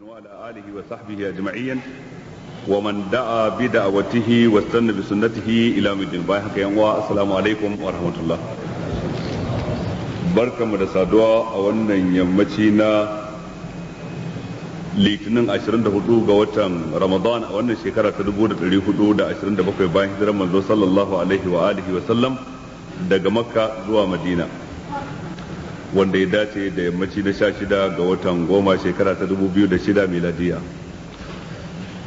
وعلى آله وصحبه أجمعين ومن دعا بدعوته واستنى بسنته إلى مدين باي حكا السلام عليكم ورحمة الله بركة مدسة دعا أولا يمتينا litinin 24 ga watan ramadan a wannan shekara ta 1427 bayan hijirar manzo sallallahu alaihi wa alihi wa sallam daga makka zuwa madina wanda ya dace da yammaci na sha shida ga watan goma shekara ta dubu biyu da shida miladiya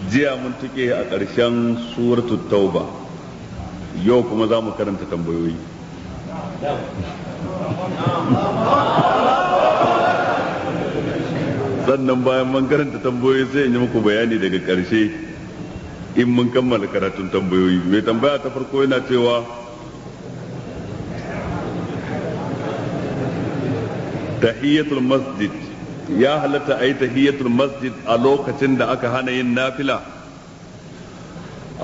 jiya mun tuke a ƙarshen suratu tauba yau kuma za mu karanta tambayoyi sannan bayan mun karanta tambayoyi sai in yi muku bayani daga ƙarshe in mun kammala karatun tambayoyi mai tambaya ta farko yana cewa tahiyatul masjid ya halatta a yi tahiyatul masjid a lokacin da aka hana yin nafila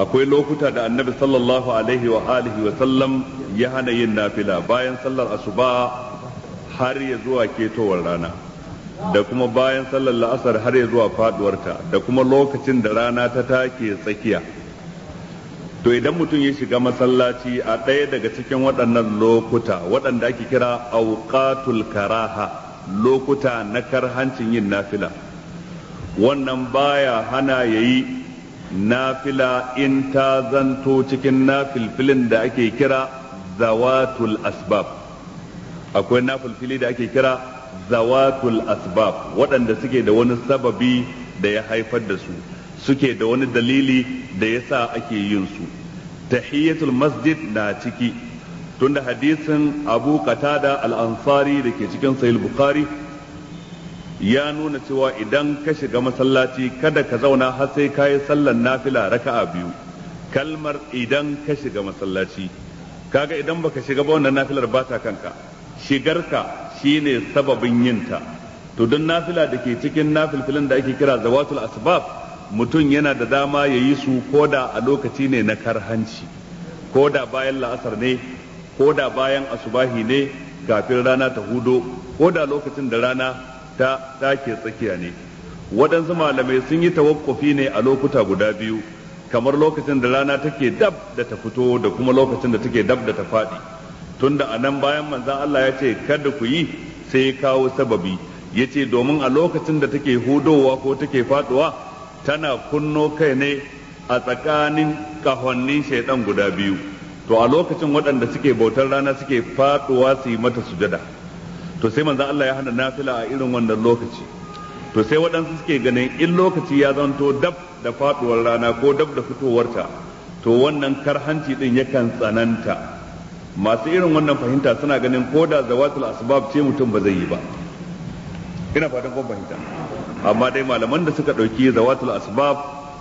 akwai lokuta da annabi sallallahu alaihi wa alihi wa sallam ya hana yin nafila bayan sallar asuba har ya zuwa ketowar rana da kuma bayan sallar la'asar har ya zuwa faduwarta da kuma lokacin da rana ta take tsakiya to idan mutum ya shiga masallaci a ɗaya daga cikin waɗannan lokuta waɗanda ake kira auqatul karaha lokuta na karhancin yin nafila wannan baya hana yayi nafila in ta zanto cikin nafilfilin da ake kira zawatul asbab akwai nafilfili da ake kira zawatul asbab waɗanda suke da wani sababi da ya haifar da su suke da wani dalili da ya sa ake yin su tahiyatul masjid na ciki tunda hadisin Abu Qatada al-Ansari da ke cikin Sahih Bukhari ya nuna cewa idan ka shiga masallaci kada ka zauna har sai kayi sallar nafila raka'a biyu kalmar idan ka shiga masallaci kaga idan baka shiga ba wannan nafilar ba ta kanka shigarka shine sababin yinta to don nafila da ke cikin nafilfilin da ake kira zawatul asbab mutum yana da dama ya yi su koda a lokaci ne na karhanci koda bayan la'asar ne koda bayan asubahi ne kafin rana ta hudo koda lokacin da rana ta take tsakiya ne waɗansu malamai sun yi tawakkufi ne a lokuta guda biyu kamar lokacin da rana take dab da ta fito da kuma lokacin da take dab da ta faɗi tunda a nan bayan manzan Allah ya ce kada ku yi sai ya kawo sababi ya ce domin a lokacin da take hudowa ko take faɗuwa tana kunno kai ne a tsakanin kahonnin shaidan guda biyu to a lokacin waɗanda suke bautar rana suke faɗuwa su yi mata sujada to sai manzan Allah ya hana nafila a irin wannan lokaci to sai waɗansu suke ganin in lokaci ya zanto dab da faɗuwar rana ko dab da fitowarta to wannan karhanci din yakan tsananta masu irin wannan fahimta suna ganin ko da zawatul asbab ce mutum ba zai yi ba ina fatan kun fahimta amma dai malaman da suka ɗauki zawatul asbab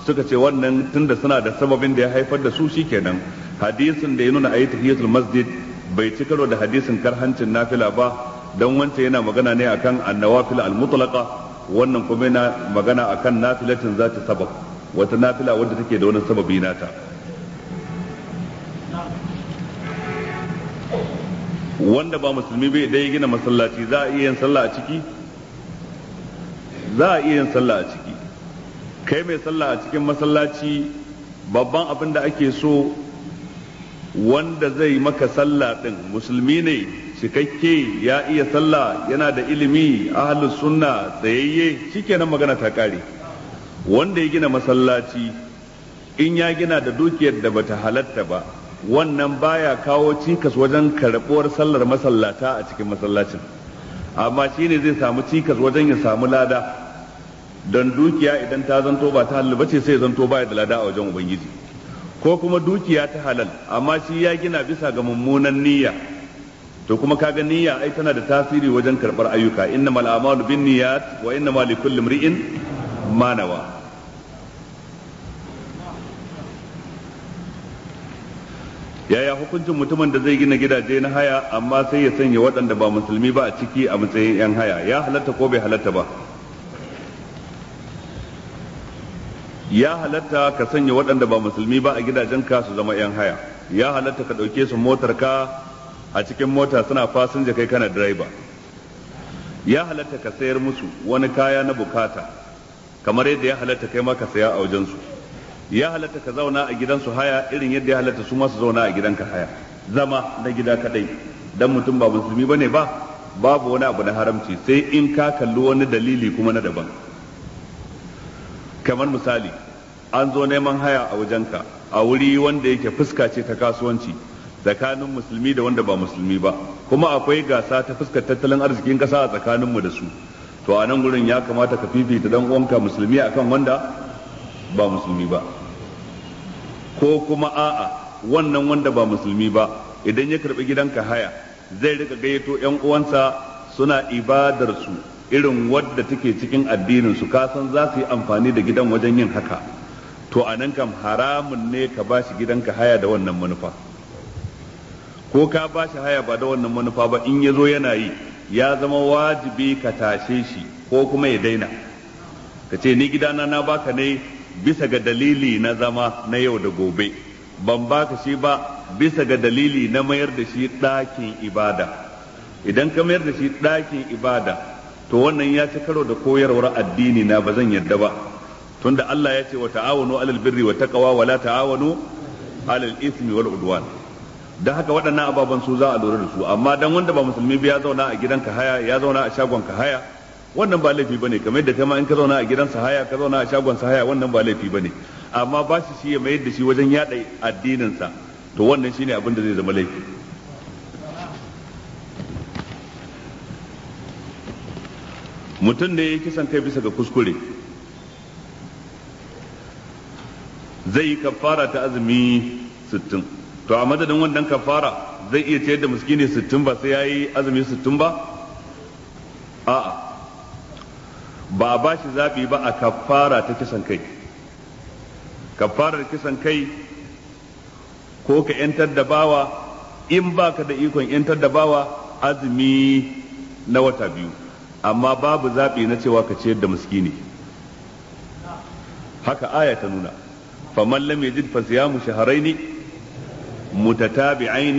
suka ce wannan tunda suna da sababin da ya haifar da su shikenan hadisin da ya nuna ayi tahiyatul masjid bai ci karo da hadisin karhancin nafila ba dan wancan yana magana ne akan annawafil almutlaqa wannan kuma yana magana akan nafilatin zata sabab wata nafila wanda take da wani sababi nata wanda ba musulmi bai dai gina masallaci za a iya yin sallah a ciki za a iya yin sallah a ciki kai mai sallah a cikin masallaci babban abin da ake so wanda zai maka sallah din musulmi ne cikakke ya iya sallah yana da ilimi ahlus sunna tsayayye shikenan magana ta kare wanda ya gina masallaci in ya gina da dukiyar da bata halatta ba wannan baya kawo cikas wajen karɓuwar sallar masallata a cikin masallacin amma shi ne zai samu cikas wajen ya samu lada don dukiya idan ta zanto ba ta halal ba ce sai zanto baya da lada a wajen ubangiji ko kuma dukiya ta halal amma shi ya gina bisa ga mummunan niyya to kuma kaga niyya ai tana da tasiri wajen karbar ayyuka innamal a'malu binniyat wa innamal likulli imri'in ma nawa yaya hukuncin mutumin da zai gina gidaje na haya amma sai ya sanya waɗanda ba musulmi ba a ciki a matsayin 'yan haya ya halatta ko bai halatta ba ya halatta ka sanya waɗanda ba musulmi ba a gidajenka su zama 'yan haya ya halatta ka ɗauke su motar a cikin mota suna fasinja kai kana direba ya halatta ka sayar musu wani kaya na bukata kamar yadda ya halatta kai ma ka saya a wajensu su ya halatta ka zauna a gidan su haya irin yadda ya halatta su masu zauna a gidan ka haya zama na gida kadai dan mutum ba musulmi bane ba babu wani abu na haramci sai in ka kalli wani dalili kuma na daban kamar misali an zo neman haya a wajen ka a wuri wanda yake fuska ce ta kasuwanci tsakanin musulmi da wanda ba musulmi ba kuma akwai gasa ta fuskar tattalin arzikin kasa a tsakaninmu da su to a nan gurin ya kamata ka fifita dan uwanka musulmi akan wanda ba musulmi ba ko kuma a'a wannan wanda ba musulmi ba idan ya karbi gidanka haya zai rika gayyato yan uwansa suna ibadar su irin wadda take cikin addinin su ka san za su yi amfani da gidan wajen yin haka to anan kam haramun ne ka bashi gidanka haya da wannan manufa ko ka bashi haya ba da wannan manufa ba in ya zo yana yi ya zama wajibi ka tashe shi ko kuma ya daina ka ce ni gidana na baka ne bisa ga dalili na zama na yau da gobe ban baka shi ba bisa ga dalili na mayar da shi ɗakin ibada idan ka mayar da shi ɗakin ibada to wannan ya ci karo da koyarwar addini na ba zan yarda ba tunda Allah ya ce wa ta'awanu alal birri wa taqwa wa la ta'awanu alal ismi wal udwan da haka waɗannan ababen su za a lura da su amma dan wanda ba musulmi ba ya zauna a gidanka haya ya zauna a shagon ka haya wannan ba laifi bane kamar yadda kai ma in ka zauna a gidan sahaya ka zauna a shagon sahaya wannan ba laifi bane amma ba shi shi ya mayar da shi wajen yada addinin sa to wannan shine abin da zai zama laifi mutum da ya kisan kai bisa ga kuskure zai yi kafara ta azumi sittin to a madadin wannan kafara zai iya ciyar da miskini sittin ba sai ya yi azumi sittin ba a'a ba a bashi zaɓi ba a kafara ta kisan kai kafarar kisan kai ko ka yantar da bawa in ba ka da ikon yantar da bawa azumi na wata biyu amma babu zaɓi na cewa ka ciyar da ne haka aya ta nuna faman lam yajid fa siyamu shahrayn mutatabi'ain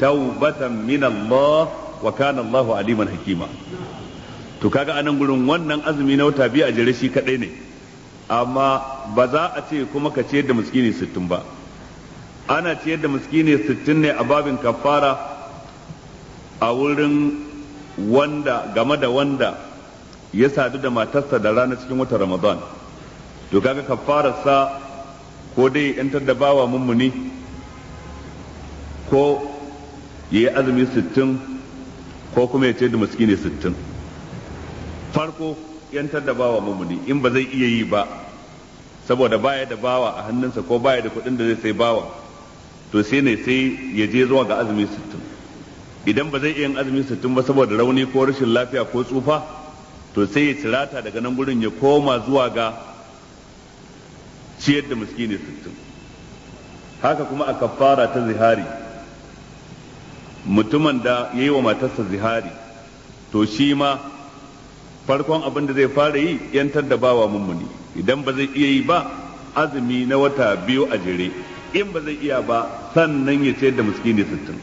tawbatan min Allah wa kana Allahu aliman hakima to kaga anan gurin wannan azumi na wata biyu a jere shi kadai ne amma ba za a ce kuma ka ciyar da miskini sittin ba ana ciyar da miskini sittin ne a babin kafara a wurin wanda game da wanda ya sadu da matarsa da rana cikin wata ramadan to kaga sa ko dai yantar da bawa mummuni ko ya yi azumi sittin ko kuma ya ce da miskini sittin farko yantar da bawa mamuni in ba zai iya yi ba saboda baya da bawa a hannunsa ko baya da kuɗin da zai sai bawa to sai ne sai ya je zuwa ga azumi sittin idan ba zai iya yin azumi sittin ba saboda rauni ko rashin lafiya ko tsufa to sai ya cirata daga nan gurin ya koma zuwa ga ciyar da miskini sittin haka kuma a kafara ta zihari mutumin da ya yi wa matarsa zihari to shi ma farkon abin da zai fara yi yantar da bawa mummuni idan ba zai iya yi ba azumi na wata biyu a jere in ba zai iya ba sannan ya ce da miskini sittin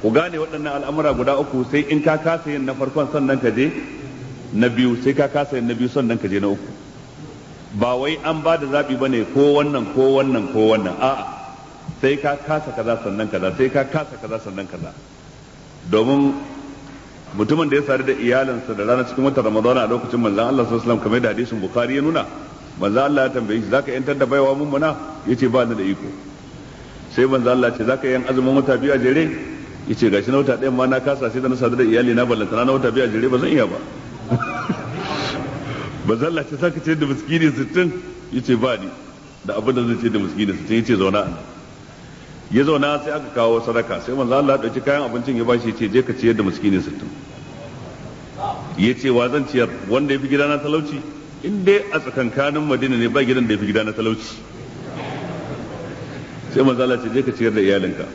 ku gane waɗannan al'amura guda uku sai in ka kasa yin na farkon sannan ka je na biyu sai ka kasa yin na biyu sannan ka je na uku ba wai an ba da zaɓi ba ne ko wannan ko wannan ko wannan a'a sai ka kasa kaza sannan kaza sai ka kasa kaza sannan kaza domin mutumin da ya sadu da iyalinsa da rana cikin wata ramadana a lokacin manzan Allah sallallahu alaihi wasallam kamar da hadisin bukhari ya nuna manzan Allah ya tambaye shi zaka yantar da baiwa ya yace ba ni da iko sai manzan Allah ce zaka yan azumin wata biyu a jere yace gashi na wata ɗayan ma na kasa sai da na sadu da iyali na ballanta na wata biyu a jere ba zan iya ba manzan Allah ce zaka ce da miskini 60 yace ba ni da abin da zai ce da miskini 60 yace zauna a ya zauna sai aka kawo sadaka sai manzo Allah ya dauki kayan abincin ya bashi ce je ka ciyar da miskini sittin ya ce wa zan ciyar wanda ya fi gidana talauci in dai a tsakankanin madina ne ba gidan da ya fi gidana talauci sai manzo Allah ce je ka ciyar da iyalinka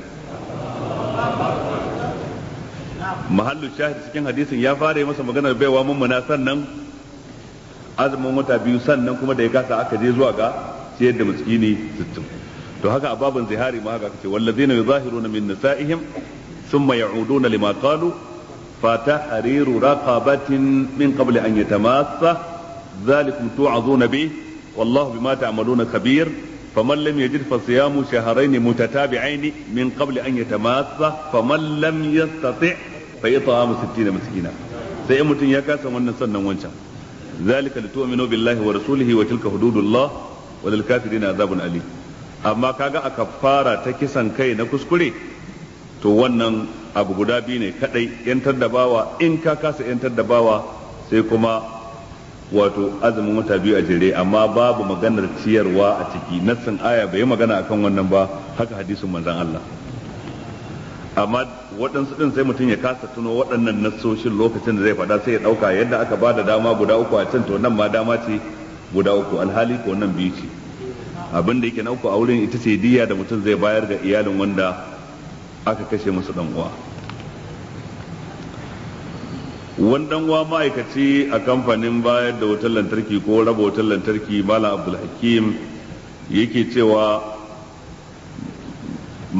mahallu shahid cikin hadisin ya fara yi masa maganar baiwa mummuna sannan azumin wata biyu sannan kuma da ya kasa aka je zuwa ga ciyar da miskini sittin. to haka a babin zihari ma haka kace wallazina yuzahiruna min nisaihim thumma ya'uduna lima qalu fatahriru raqabatin min qabli an yatamassa zalikum tu'azuna bi wallahu bima ta'maluna khabir faman lam yajid fa siyamu shahrayn mutatabi'ayn min qabli an yatamassa faman lam fa it'amu 60 miskina sai in mutum ya kasa wannan sannan wancan zalika litu'minu billahi wa rasulihi wa tilka hududullah wa lil kafirina azabun alim amma kaga a kafara ta kisan kai na kuskure to wannan abu guda biyu ne kadai yan da in ka kasa yan da bawa sai kuma wato azumin wata biyu a jere amma babu maganar ciyarwa a ciki nassin aya bai magana akan wannan ba haka hadisin manzon Allah amma waɗansu ɗin sai mutum ya kasa tuno waɗannan nassoshin lokacin da zai faɗa sai ya ɗauka yadda aka ba da dama guda uku a can to nan ma dama ce guda uku alhali ko nan biyu ce abin da yake na uku a wurin ita ce diya da mutum zai bayar ga iyalin wanda aka kashe masa dan uwa wani dan uwa ma'aikaci a kamfanin bayar da wutar lantarki ko raba wutar lantarki malam abdulhakim yake cewa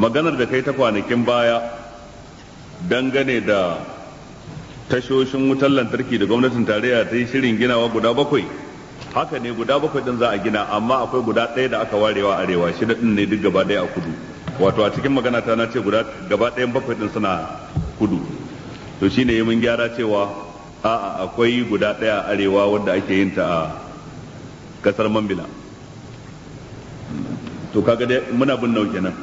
maganar da kai ta kwanakin baya dangane da tashoshin wutar lantarki da gwamnatin tarayya ta yi shirin ginawa guda bakwai haka ne guda bakwai din za a gina amma akwai guda ɗaya da aka warewa arewa shida din ne duk gaba ɗaya a kudu wato a cikin magana ta na ce guda gaba ɗayan bakwai din suna kudu to shi shine mun gyara cewa a'a akwai guda ɗaya arewa wanda ake yin ta a kasar Mambila to kaga dai muna bin nauke nan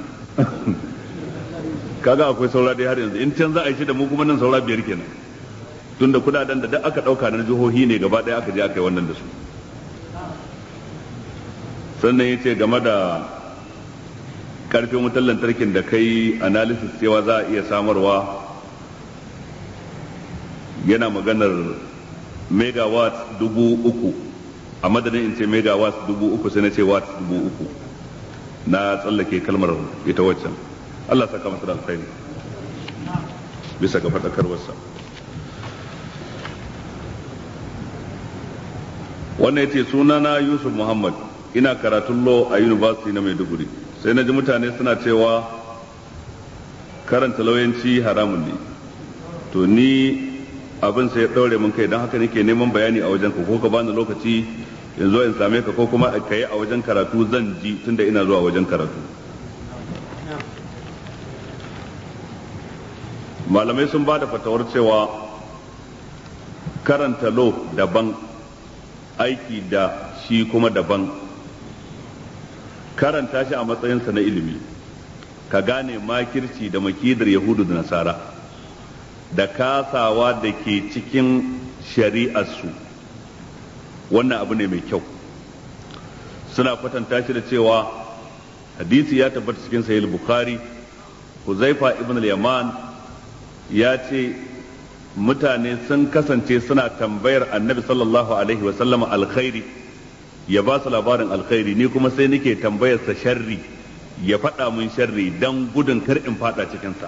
kaga akwai saura dai har yanzu in can za a yi shi da mu kuma nan saura biyar kenan tunda kudaden da duk aka dauka na jihohi ne gaba ɗaya aka je aka yi wannan da su sannan ya ce game da karfin wutar lantarkin da kai analysis cewa za a iya samarwa yana maganar megawatt dubu uku a madadin in ce megawatt dubu uku sai na ce watt dubu uku na tsallake kalmar ita waccan Allah saka masa da alfaini bisa ga wasa wannan ya ce sunana yusuf muhammad ina karatun law a university na maiduguri sai na ji mutane suna cewa karanta lauyanci haramun ne to ni abin sai ya ɗaure mun kai don haka nake neman bayani a wajen ko ka bani lokaci yanzu in same ka ko kuma ka yi a wajen karatu zan ji tunda ina zuwa wajen karatu malamai sun bada fatawar cewa karanta lo daban aiki da shi kuma daban karanta shi a matsayinsa na ilimi ka gane makirci da makidar yahudu da nasara da kasawa da ke cikin shari'arsu wannan abu ne mai kyau suna kwatanta shi da cewa hadisi ya tabbata cikin sahih bukhari huzaifa ibn al-yaman ya ce mutane sun kasance suna tambayar annabi sallallahu alaihi wa sallama alkhairi ya ba su labarin alkhairi ni kuma sai nake tambayar sa sharri ya faɗa mun sharri dan gudun kar in faɗa cikin sa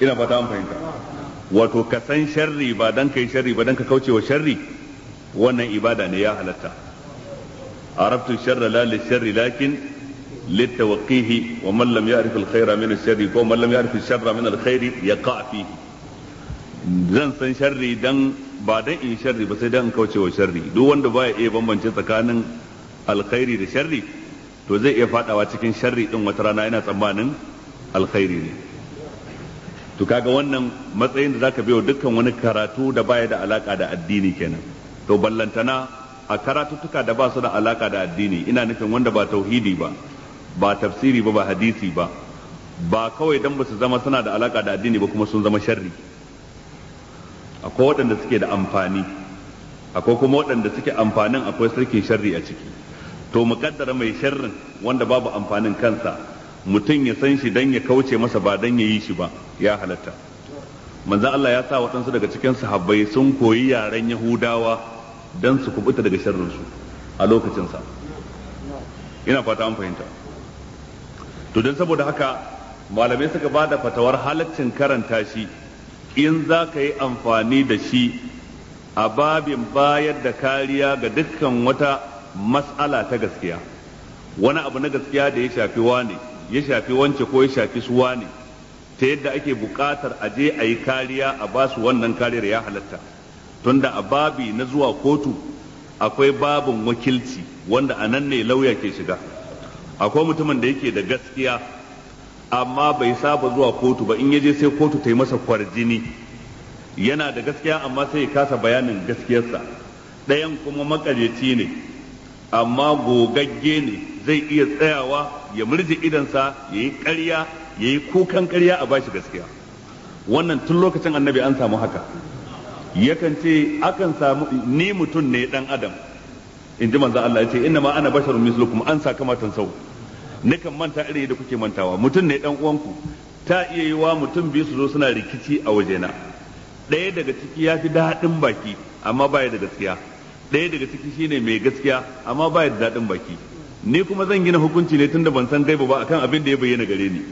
ina fata an fahimta wato ka san sharri ba dan kai sharri ba dan ka kauce wa sharri wannan ibada ne ya halatta arabtu sharra la lisharri lakin للتوقيه ومن لم يعرف الخير من الشر ومن لم يعرف الشر من الخير يقع فيه zan san sharri dan ba dan in sharri ba sai dan in wa sharri duk wanda baya iya bambance tsakanin alkhairi da sharri to zai iya fadawa cikin sharri din wata rana yana tsammanin alkhairi ne to kaga wannan matsayin da zaka biyo dukkan wani karatu da baya da alaka da addini kenan to ballantana a karatuttuka da ba su da alaka da addini ina nufin wanda ba tauhidi ba ba tafsiri ba ba hadisi ba ba kawai dan ba su zama suna da alaka da addini ba kuma sun zama sharri akwai waɗanda suke da amfani akwai kuma waɗanda suke amfanin akwai sarkin sharri a ciki to muƙaddara mai sharrin wanda babu amfanin kansa mutum ya san shi dan ya kauce masa ba dan ya yi shi ba ya halatta manzo Allah ya sa waɗansu daga cikin sahabbai sun koyi yaren yahudawa dan su kubuta daga su a lokacinsa ina fata an fahimta to don saboda haka malamai suka bada fatawar halaccin karanta shi in za ka yi amfani da shi a babin bayar da kariya ga dukkan wata mas'ala ta gaskiya wani abu na gaskiya da ya shafi wani ya shafi wance ko ya shafi su wani, ta yadda ake buƙatar a je a yi kariya a ba su wannan kariyar ya halatta tunda a babi na zuwa kotu akwai babin wakilci wanda a nan ne lauya ke shiga akwai mutumin da yake da gaskiya amma bai saba zuwa kotu ba in yaje sai kotu ta yi masa kwarjini yana da gaskiya amma sai ya kasa bayanin gaskiyarsa ɗayan kuma makaryaci ne amma gogagge ne zai iya tsayawa ya murje idansa ya yi karya ya yi kukan karya a bashi gaskiya wannan tun lokacin annabi an samu haka yakan ce akan samu ni mutum ne dan adam in ji manzo Allah ya ce inna ma ana basharun mislukum an saka matan sau nakan manta irin da kuke mantawa mutum ne dan uwanku ta iya yi wa mutum biyu su zo suna rikici a wajena daya daga ciki ya fi daɗin baki amma ya da gaskiya ɗaya daga ciki shine mai gaskiya amma ya da daɗin baki ni kuma zan gina hukunci ne tunda ban san gaiba ba akan abin da ya bayyana gare ni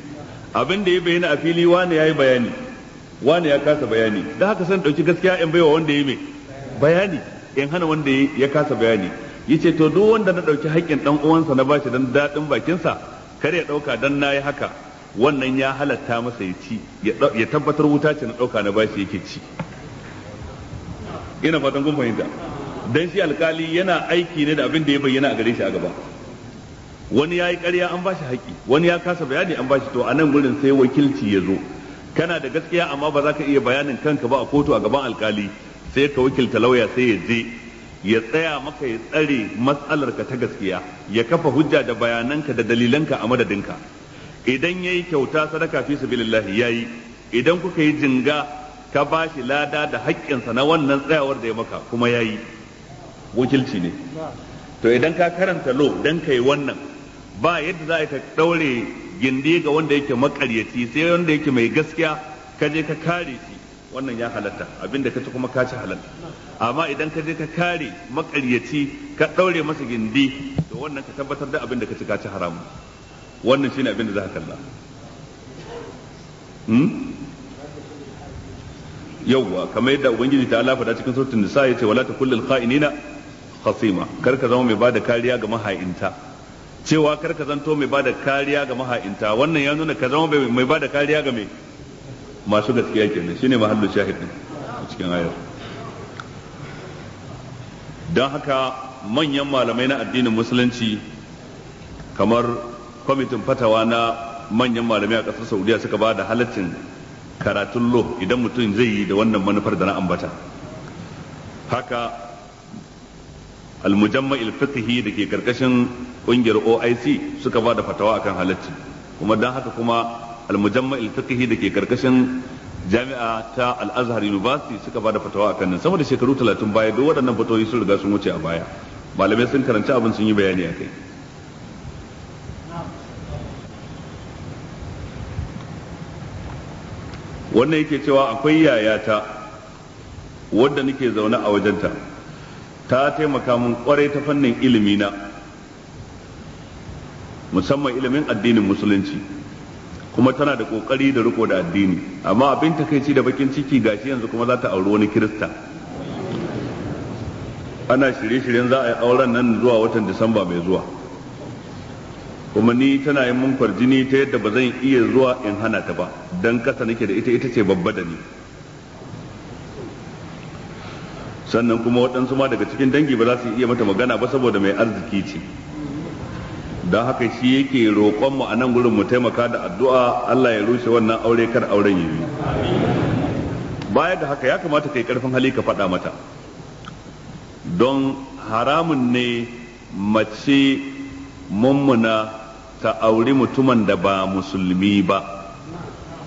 abin da ya bayyana a fili wane yayi bayani wane ya kasa bayani da haka san dauki gaskiya in baiwa wanda ya mai bayani in hana wanda ya kasa bayani yace to duk wanda na dauki haƙƙin dan uwansa na bashi dan dadin bakinsa kar ya dauka dan nayi haka wannan ya halatta masa ya ci ya tabbatar wuta ce na dauka na bashi yake ci ina fatan kun fahimta dan shi alkali yana aiki ne da abin da ya bayyana a gare shi a gaba wani ya yi ƙarya an bashi haƙƙi wani ya kasa bayani an bashi to a nan gurin sai wakilci ya zo kana da gaskiya amma ba za ka iya bayanin kanka ba a kotu a gaban alkali sai ka wakilta lauya sai ya je ya tsaya maka ya tsare matsalarka ta gaskiya ya kafa hujja da bayananka da dalilanka a madadinka idan yayi kyauta sadaka fi sabilillah yayi idan kuka yi jinga ka bashi lada da sa na wannan tsayawar da ya maka kuma yayi wakilci ne to idan ka karanta lo dan kai wannan ba yadda za ka daure gindi ga wanda yake makaryaci sai wanda yake mai gaskiya ka je ka kare shi wannan ya halatta abinda ka kuma ka ci halatta amma idan ka je ka kare makaryaci ka ɗaure masa gindi to wannan ka tabbatar da abin da ka ci ci haramu wannan shine abin da za ka kalla hmm? yawwa kamar yadda ubangiji ta Allah da cikin suratul nisa ce wala kullul kha'inina khasima kar ka zama mai bada kariya ga maha'inta cewa kar ka zanto mai bada kariya ga maha'inta wannan ya nuna ka zama mai bada kariya ga mai masu gaskiya kenan shine mahallin shahidin cikin ayar don haka manyan malamai na addinin musulunci kamar kwamitin fatawa na manyan malamai a ƙasar saudiya suka ba da halittin karatun lo idan mutum zai yi da wannan manufar da na ambata haka almujamma ilfiqihi da ke karkashin kungiyar oic suka ba da fatawa akan halittin kuma don haka kuma almujamma ilfiqihi da ke karkashin jami'a ta al-azhar university suka bada fatawa akan nan sama shekaru 30 baya duk waɗannan fatawoyi sun riga sun wuce a baya malamai sun karanci abin sun yi bayani akai wannan yake cewa akwai yaya ta wadda nake zaune a wajenta ta taimaka min kwarai ta fannin ilimi na musamman ilimin addinin musulunci kuma tana da kokari da riko da addini amma abin takaici da bakin ciki gashi yanzu kuma za ta auri wani kirista ana shirye-shiryen za a yi auren nan zuwa watan disamba mai zuwa kuma ni tana yin mun kwarjini ta yadda ba zan iya zuwa in hana ta ba don kasa nake da ita ita ce babba da ni sannan kuma waɗansu ma daga cikin dangi ba za su iya mata magana ba saboda mai arziki ce da haka shi yake roƙon mu a nan gurin mu taimaka da addu'a Allah ya rushe wannan aure kar auren yi baya da haka ya kamata kai karfin hali ka faɗa mata don haramun ne mace mummuna ta auri mutumin da ba musulmi ba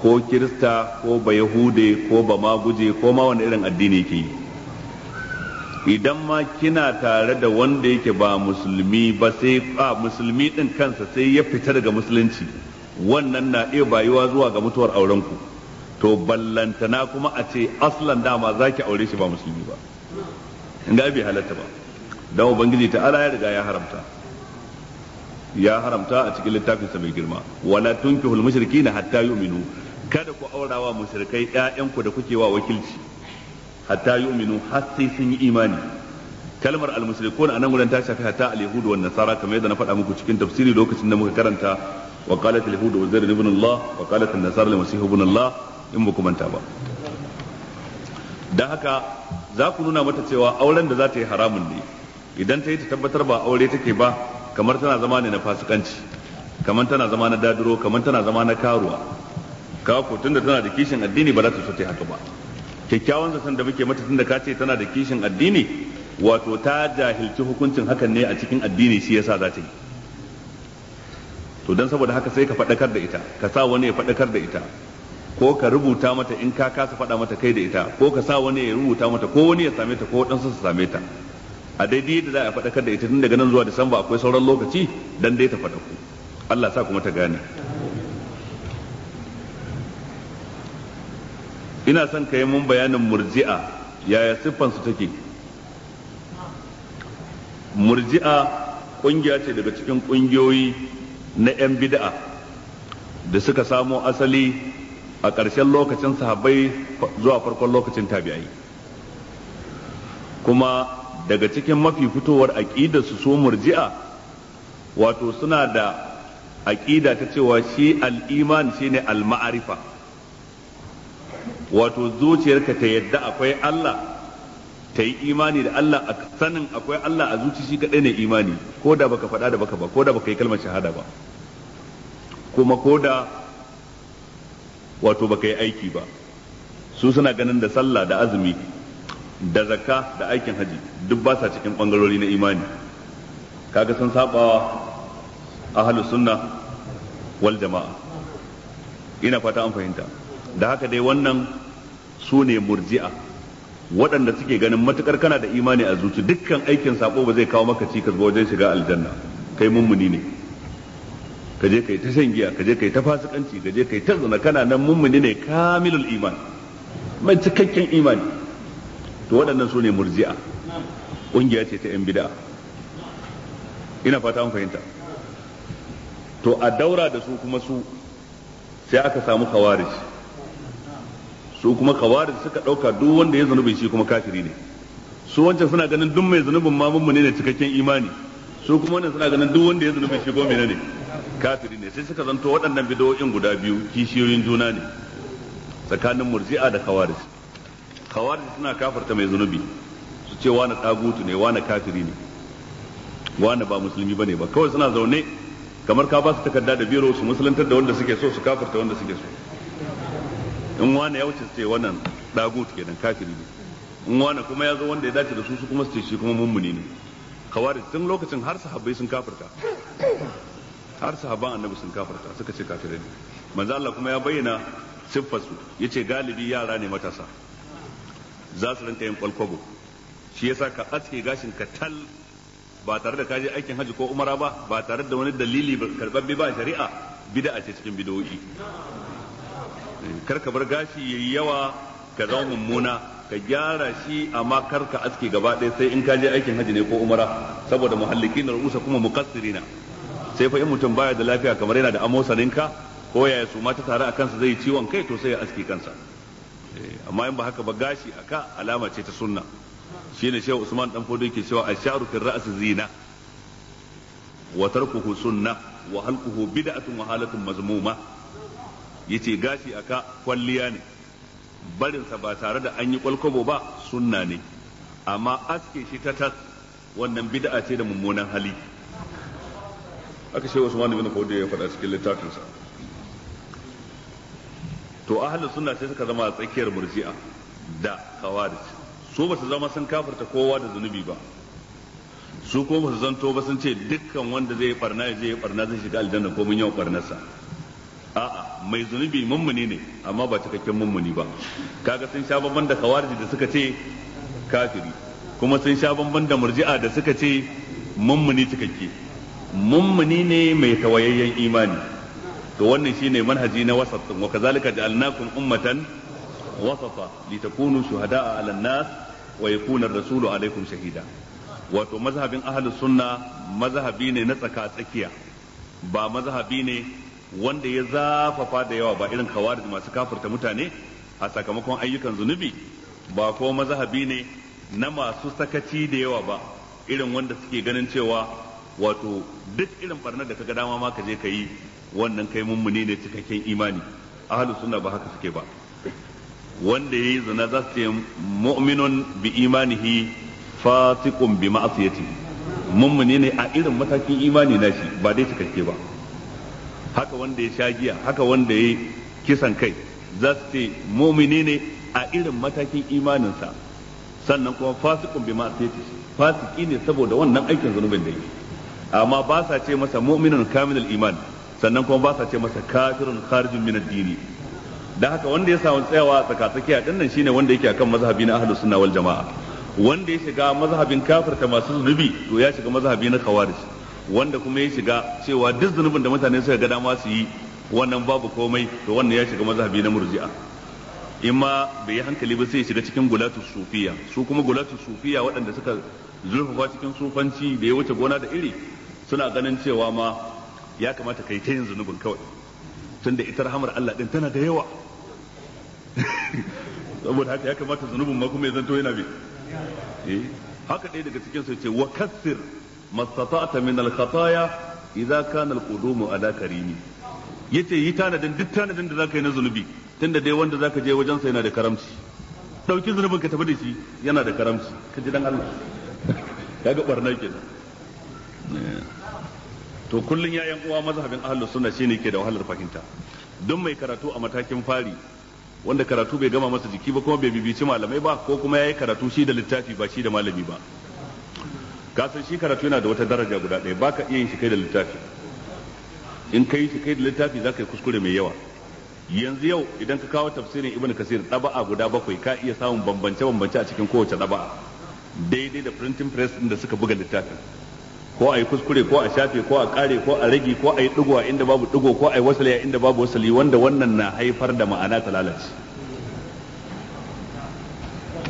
ko kirista ko ba yahude ko ba maguje ko ma wani irin addini ke yi idan ma kina tare da wanda yake ba musulmi ba sai a musulmi din kansa sai ya fita daga musulunci wannan na iya bayuwa zuwa ga mutuwar aurenku to ballantana kuma a ce aslan dama za ki aure shi ba musulmi ba inda bai halatta ba don ubangiji ala ya riga ya haramta ya haramta a cikin littafinsa mai girma wala tunkihul mushrikina hatta yu'minu kada ku aurawa mushrikai ƴaƴanku da kuke wa wakilci hatta yu'minu har sai sun yi imani kalmar almusrikun anan gudan ta shafi hatta alyahud wa nasara kamar yadda na faɗa muku cikin tafsiri lokacin da muka karanta wa qalat alyahud wa zayd ibn Allah wa qalat an-nasara li masih ibn Allah in ba manta ba dan haka za ku nuna mata cewa auren da za ta yi haramun ne idan ta yi ta tabbatar ba aure take ba kamar tana zama ne na fasikanci kamar tana zama na dadiro kamar tana zama na karuwa ka ko da tana da kishin addini ba za ta so ta haka ba kyakkyawan zaton da muke mata tunda ka ce tana da kishin addini wato ta jahilci hukuncin hakan ne a cikin addini shi yasa za ta yi to dan saboda haka sai ka faɗakar da ita ka sa wani ya faɗakar da ita ko ka rubuta mata in ka kasa faɗa mata kai da ita ko ka sa wani ya rubuta mata ko wani ya same ta ko waɗansu su same ta a daidai da za a faɗakar da ita tun daga nan zuwa disamba akwai sauran lokaci dan dai ta faɗaku Allah sa kuma ta gane ina son ka yi mun bayanin murji'a yaya siffansu take murji'a ƙungiya ce daga cikin ƙungiyoyi na 'yan bida'a da suka samo asali a ƙarshen lokacin sahabbai zuwa farkon lokacin tabi'ai kuma daga cikin mafi fitowar aƙidarsu su murji'a wato suna da aƙida ta cewa shi al'iman shine al-ma'arifa wato zuciyarka ta yadda akwai Allah ta yi imani da Allah a sanin akwai Allah a zuci shi kaɗai ne imani ko da baka faɗa da baka ba ko da baka yi kalmar shahada ba kuma ko da wato baka yi aiki ba su suna ganin da sallah da azumi da zakka da aikin haji duk ba sa cikin ɓangarori na imani kaga sun sabawa ahlus sunna wal jama'a ina fata an fahimta da haka dai wannan su ne murji'a waɗanda suke ganin matukar kana da imani a zuci dukkan aikin sako ba zai kawo maka cikas ba wajen shiga aljanna kai mummuni ne ka je kai ta shan giya ka je kai ta fasikanci ka je kai ta zina kana nan mummuni ne kamilul iman mai cikakken imani to waɗannan su ne murji'a ƙungiya ce ta 'yan bid'a ina fata an fahimta to a daura da su kuma su sai aka samu khawarij su kuma kawari suka dauka duk wanda ya zanubi shi kuma kafiri ne su wancan suna ganin duk mai zunubin ma mummune ne cikakken imani su kuma wannan suna ganin duk wanda ya zanubi shi kuma ne kafiri ne sai suka zanto waɗannan bidowoyin guda biyu kishiyoyin juna ne tsakanin murji'a da kawarij kawarij suna kafarta mai zanubi su ce wani ɗagutu ne wani kafiri ne wani ba musulmi bane ba kawai suna zaune kamar ka ba su takarda da biro su musulantar da wanda suke so su kafarta wanda suke so in wani ya wuce su ce wannan dagut kenan kafiri ne in wani kuma ya zo wanda ya dace da su su kuma su ce shi kuma mummuni ne kawari tun lokacin har sahabbai sun kafirta har sahabban annabi sun kafirta suka ce kafirai ne manzo Allah kuma ya bayyana siffar su yace galibi yara ne matasa za su rinka yin kwalkwabo shi yasa ka aske gashin ka tal ba tare da kaje aikin haji ko umara ba ba tare da wani dalili karɓar ba shari'a bid'a ce cikin bid'o'i kar ka bar gashi ya yi yawa ka zama mummuna ka gyara shi amma kar ka aske gaba ɗaya sai in ka je aikin hajji ne ko umara saboda muhalliki na rusa kuma muqassirina sai fa in mutum baya da lafiya kamar yana da amosaninka ko yaya su mata tare a kansa zai ciwon kai to sai ya aske kansa eh, amma in ba haka ba gashi a ka alama ce ta sunna shine shehu usman dan fodo yake cewa asharu fil ra's zina wa tarkuhu sunna wa halquhu bid'atun wa halatun mazmuma yace gashi aka kwalliya ne barinsa ba tare da an yi kwalkwabo ba sunna ne amma aske shi ta tas wannan bid'a ce da mummunan hali aka ce Usman ibn da ya faɗa cikin littafinsa to ahlus sunna sai suka zama a tsakiyar murji'a da kawarij su ba su zama sun kafirta kowa da zunubi ba su kuma su zanto ba sun ce dukkan wanda zai barna ya je barna zai shiga aljanna ko mun yau barnarsa a'a mai zunubi mummuni ne amma ba cikakken mummuni ba kaga sun sha bamban da kawarji da suka ce kafiri kuma sun sha bamban da murji'a da suka ce mummuni cikakke mummuni ne mai tawayayyen imani to wannan shine manhaji na wasat wa kazalika ja'alnakum ummatan wasata litakunu shuhada'a 'alan nas wa yakuna ar-rasulu 'alaykum shahida wato mazhabin ahlus sunna mazhabi ne na tsaka tsakiya ba mazhabi ne wanda ya zafafa da yawa ba irin da masu kafirta mutane a sakamakon ayyukan zunubi ba ko mazhabi ne na masu sakaci da yawa ba irin wanda suke ganin cewa wato duk irin barnar da ka ga dama ma ka je ka yi wannan kai mummuni ne cikakken imani ahlus suna ba haka suke ba wanda yayi zina za su ce mu'minun bi imanihi fatikun bi ma'siyatihi mummuni ne a irin matakin imani na shi ba dai cikakke ba haka wanda ya sha giya haka wanda ya kisan kai za su ce momini ne a irin matakin imaninsa sannan kuma fasikun bi ma'asiyati fasiki ne saboda wannan aikin zunubin da yi amma ba sa ce masa mu'minun kamilul iman sannan kuma ba sa ce masa kafirun kharijun min dini dan haka wanda ya samu tsayawa tsakatsakiya din nan shine wanda yake akan mazhabi na ahlus sunna wal jamaa wanda ya shiga mazhabin kafirta masu zunubi to ya shiga mazhabi na khawarij wanda kuma ya shiga cewa duk zunubin da mutane suka ga dama su yi wannan babu komai to wannan ya shiga mazhabi na murji'a in ma bai yi hankali ba sai ya shiga cikin gulatu sufiya su kuma gulatu sufiya waɗanda suka zurfafa cikin sufanci da ya wuce gona da iri suna ganin cewa ma ya kamata kai ta yin zunubin kawai tunda ita rahamar Allah din tana da yawa saboda haka ya kamata zunubin ma kuma ya zanto yana bi eh, haka ɗaya daga cikin sai ce wa kassir mastata'ta min al-khataya idza kana al-qudumu ala yace yi tanadin duk tanadin da zaka yi na zunubi tunda dai wanda zaka je wajen sa yana da karamci dauki zunubin ka tafi da shi yana da karamci ka ji dan Allah kaga barna kenan eh. to kullun yayan uwa mazhabin ahlus sunna shine ke da wahalar fahimta don mai karatu a matakin fari wanda karatu bai gama masa jiki ba kuma bai bibici malamai ba ko kuma yayi karatu shi da littafi ba shi da malami ba ka san shi karatu yana da wata daraja guda ɗaya baka iya yin shi kai da littafi in ka yi shi kai da littafi za ka yi kuskure mai yawa yanzu yau idan ka kawo tafsirin ibn kasir ɗaba'a guda bakwai ka iya samun bambance bambance a cikin kowace ɗaba'a daidai da printing press inda da suka buga littafin ko a yi kuskure ko a shafe ko a kare ko a rage ko a yi digo a inda babu ɗigo ko a yi wasali a inda babu wasali wanda wannan na haifar da ma'ana ta lalace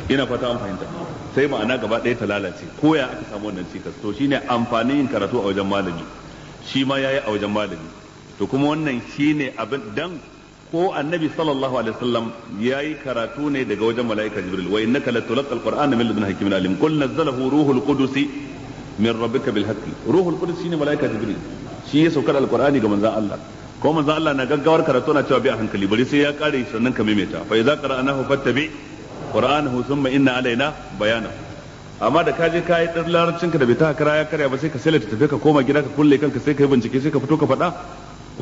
ina fata an fahimta sai ma'ana gaba ɗaya ta lalace ko ya aka samu wannan cikas to shine amfanin yin karatu a wajen malami shi ma yayi a wajen malami to kuma wannan shine abin dan ko annabi sallallahu alaihi wasallam yayi karatu ne daga wajen malaika jibril wa innaka latulqal qur'ana min ladun hakimin alim qul nazzalahu ruhul qudus min rabbika bil haqq ruhul qudus shine malaika jibril shi ya saukar alqur'ani ga manzon Allah ko manzon Allah na gaggawar karatu na cewa bi a hankali bari sai ya kare sannan ka maimaita fa idza qara'nahu fattabi' qur'anahu thumma inna alaina bayana amma da kaje ka yi dan ka da bai ta kara ya karya ba sai ka sai tafi ka koma gida ka kulle kanka sai ka yi bincike sai ka fito ka faɗa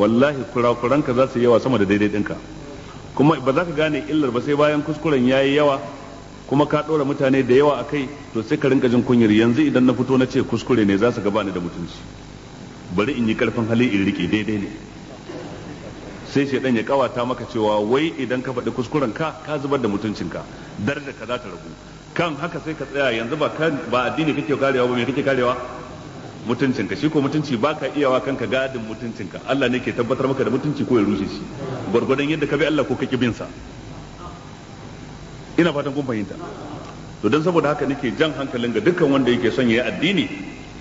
wallahi kurakuran ka za su yi yawa sama da daidai ɗinka kuma ba za ka gane illar ba sai bayan kuskuren yayi yawa kuma ka ɗora mutane da yawa a kai to sai ka rinka jin kunyar yanzu idan na fito na ce kuskure ne za su gaba ni da mutunci bari in yi karfin hali in rike daidai ne sai shaidan ya kawata maka cewa wai idan ka faɗi kuskuren ka ka zubar da mutuncinka da ka za ta ragu kan haka sai ka tsaya yanzu ba ba addini kake karewa ba me kake karewa mutuncinka shi ko mutunci ba ka iyawa kanka gadin mutuncinka Allah ne ke tabbatar maka da mutunci ko ya rushe shi gwargwadon yadda ka bi Allah ko ka ki bin sa ina fatan kun fahimta to dan saboda haka nake jan hankalin ga dukkan wanda yake son yayi addini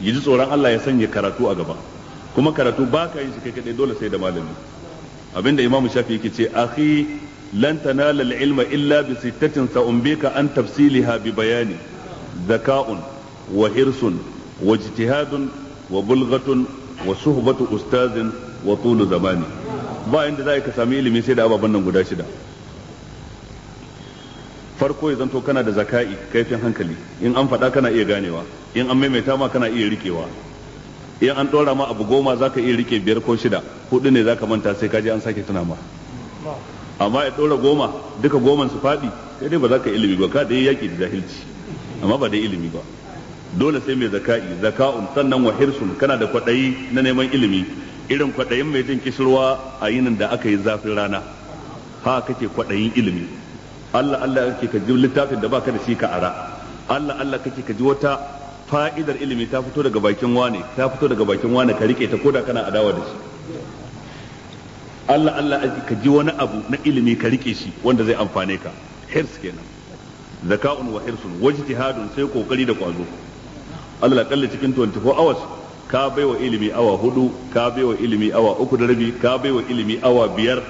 yaji tsoron Allah ya sanya karatu a gaba kuma karatu ba ka yin shi kai kadai dole sai da malami abinda imamu shafi yake ce akhi lan tanala ilma illa bi sittatin sa'umbika an tafsiliha bi bayani zaka'un wa hirsun wa ijtihadun wa bulghatun wa suhbatu ustazin wa tulu zamani ba inda za ka sami ilimi sai da ababan nan guda shida farko ya zanto kana da zaka'i kaifin hankali in an faɗa kana iya ganewa in an maimaita ma kana iya rikewa in an dora ma abu goma zaka iya rike biyar ko shida hudu ne zaka manta sai ka je an sake tuna ma amma ya dora goma duka goman su fadi sai dai ba za ka ilimi ba ka dai yaki da jahilci amma ba dai ilimi ba dole sai mai zaka'i zaka'un sannan wa hirsun kana da kwaɗayi na neman ilimi irin kwaɗayin mai jin kishirwa a yinin da aka yi zafin rana ha kake kwaɗayin ilimi Allah Allah kake ka ji littafin da baka da shi ka ara Allah Allah kake ka ji wata fa'idar ilimi ta fito daga bakin wane ta fito daga bakin wane ka rike ta koda kana adawa da shi Allah Allah ka ji wani abu na ilimi ka rike shi wanda zai amfane ka hirs kenan zaka'un wa hirsun wajtihadun sai kokari da kwazo Allah kalla cikin 24 hours ka baiwa ilimi awa hudu ka baiwa ilimi awa uku da rabi ka baiwa ilimi awa biyar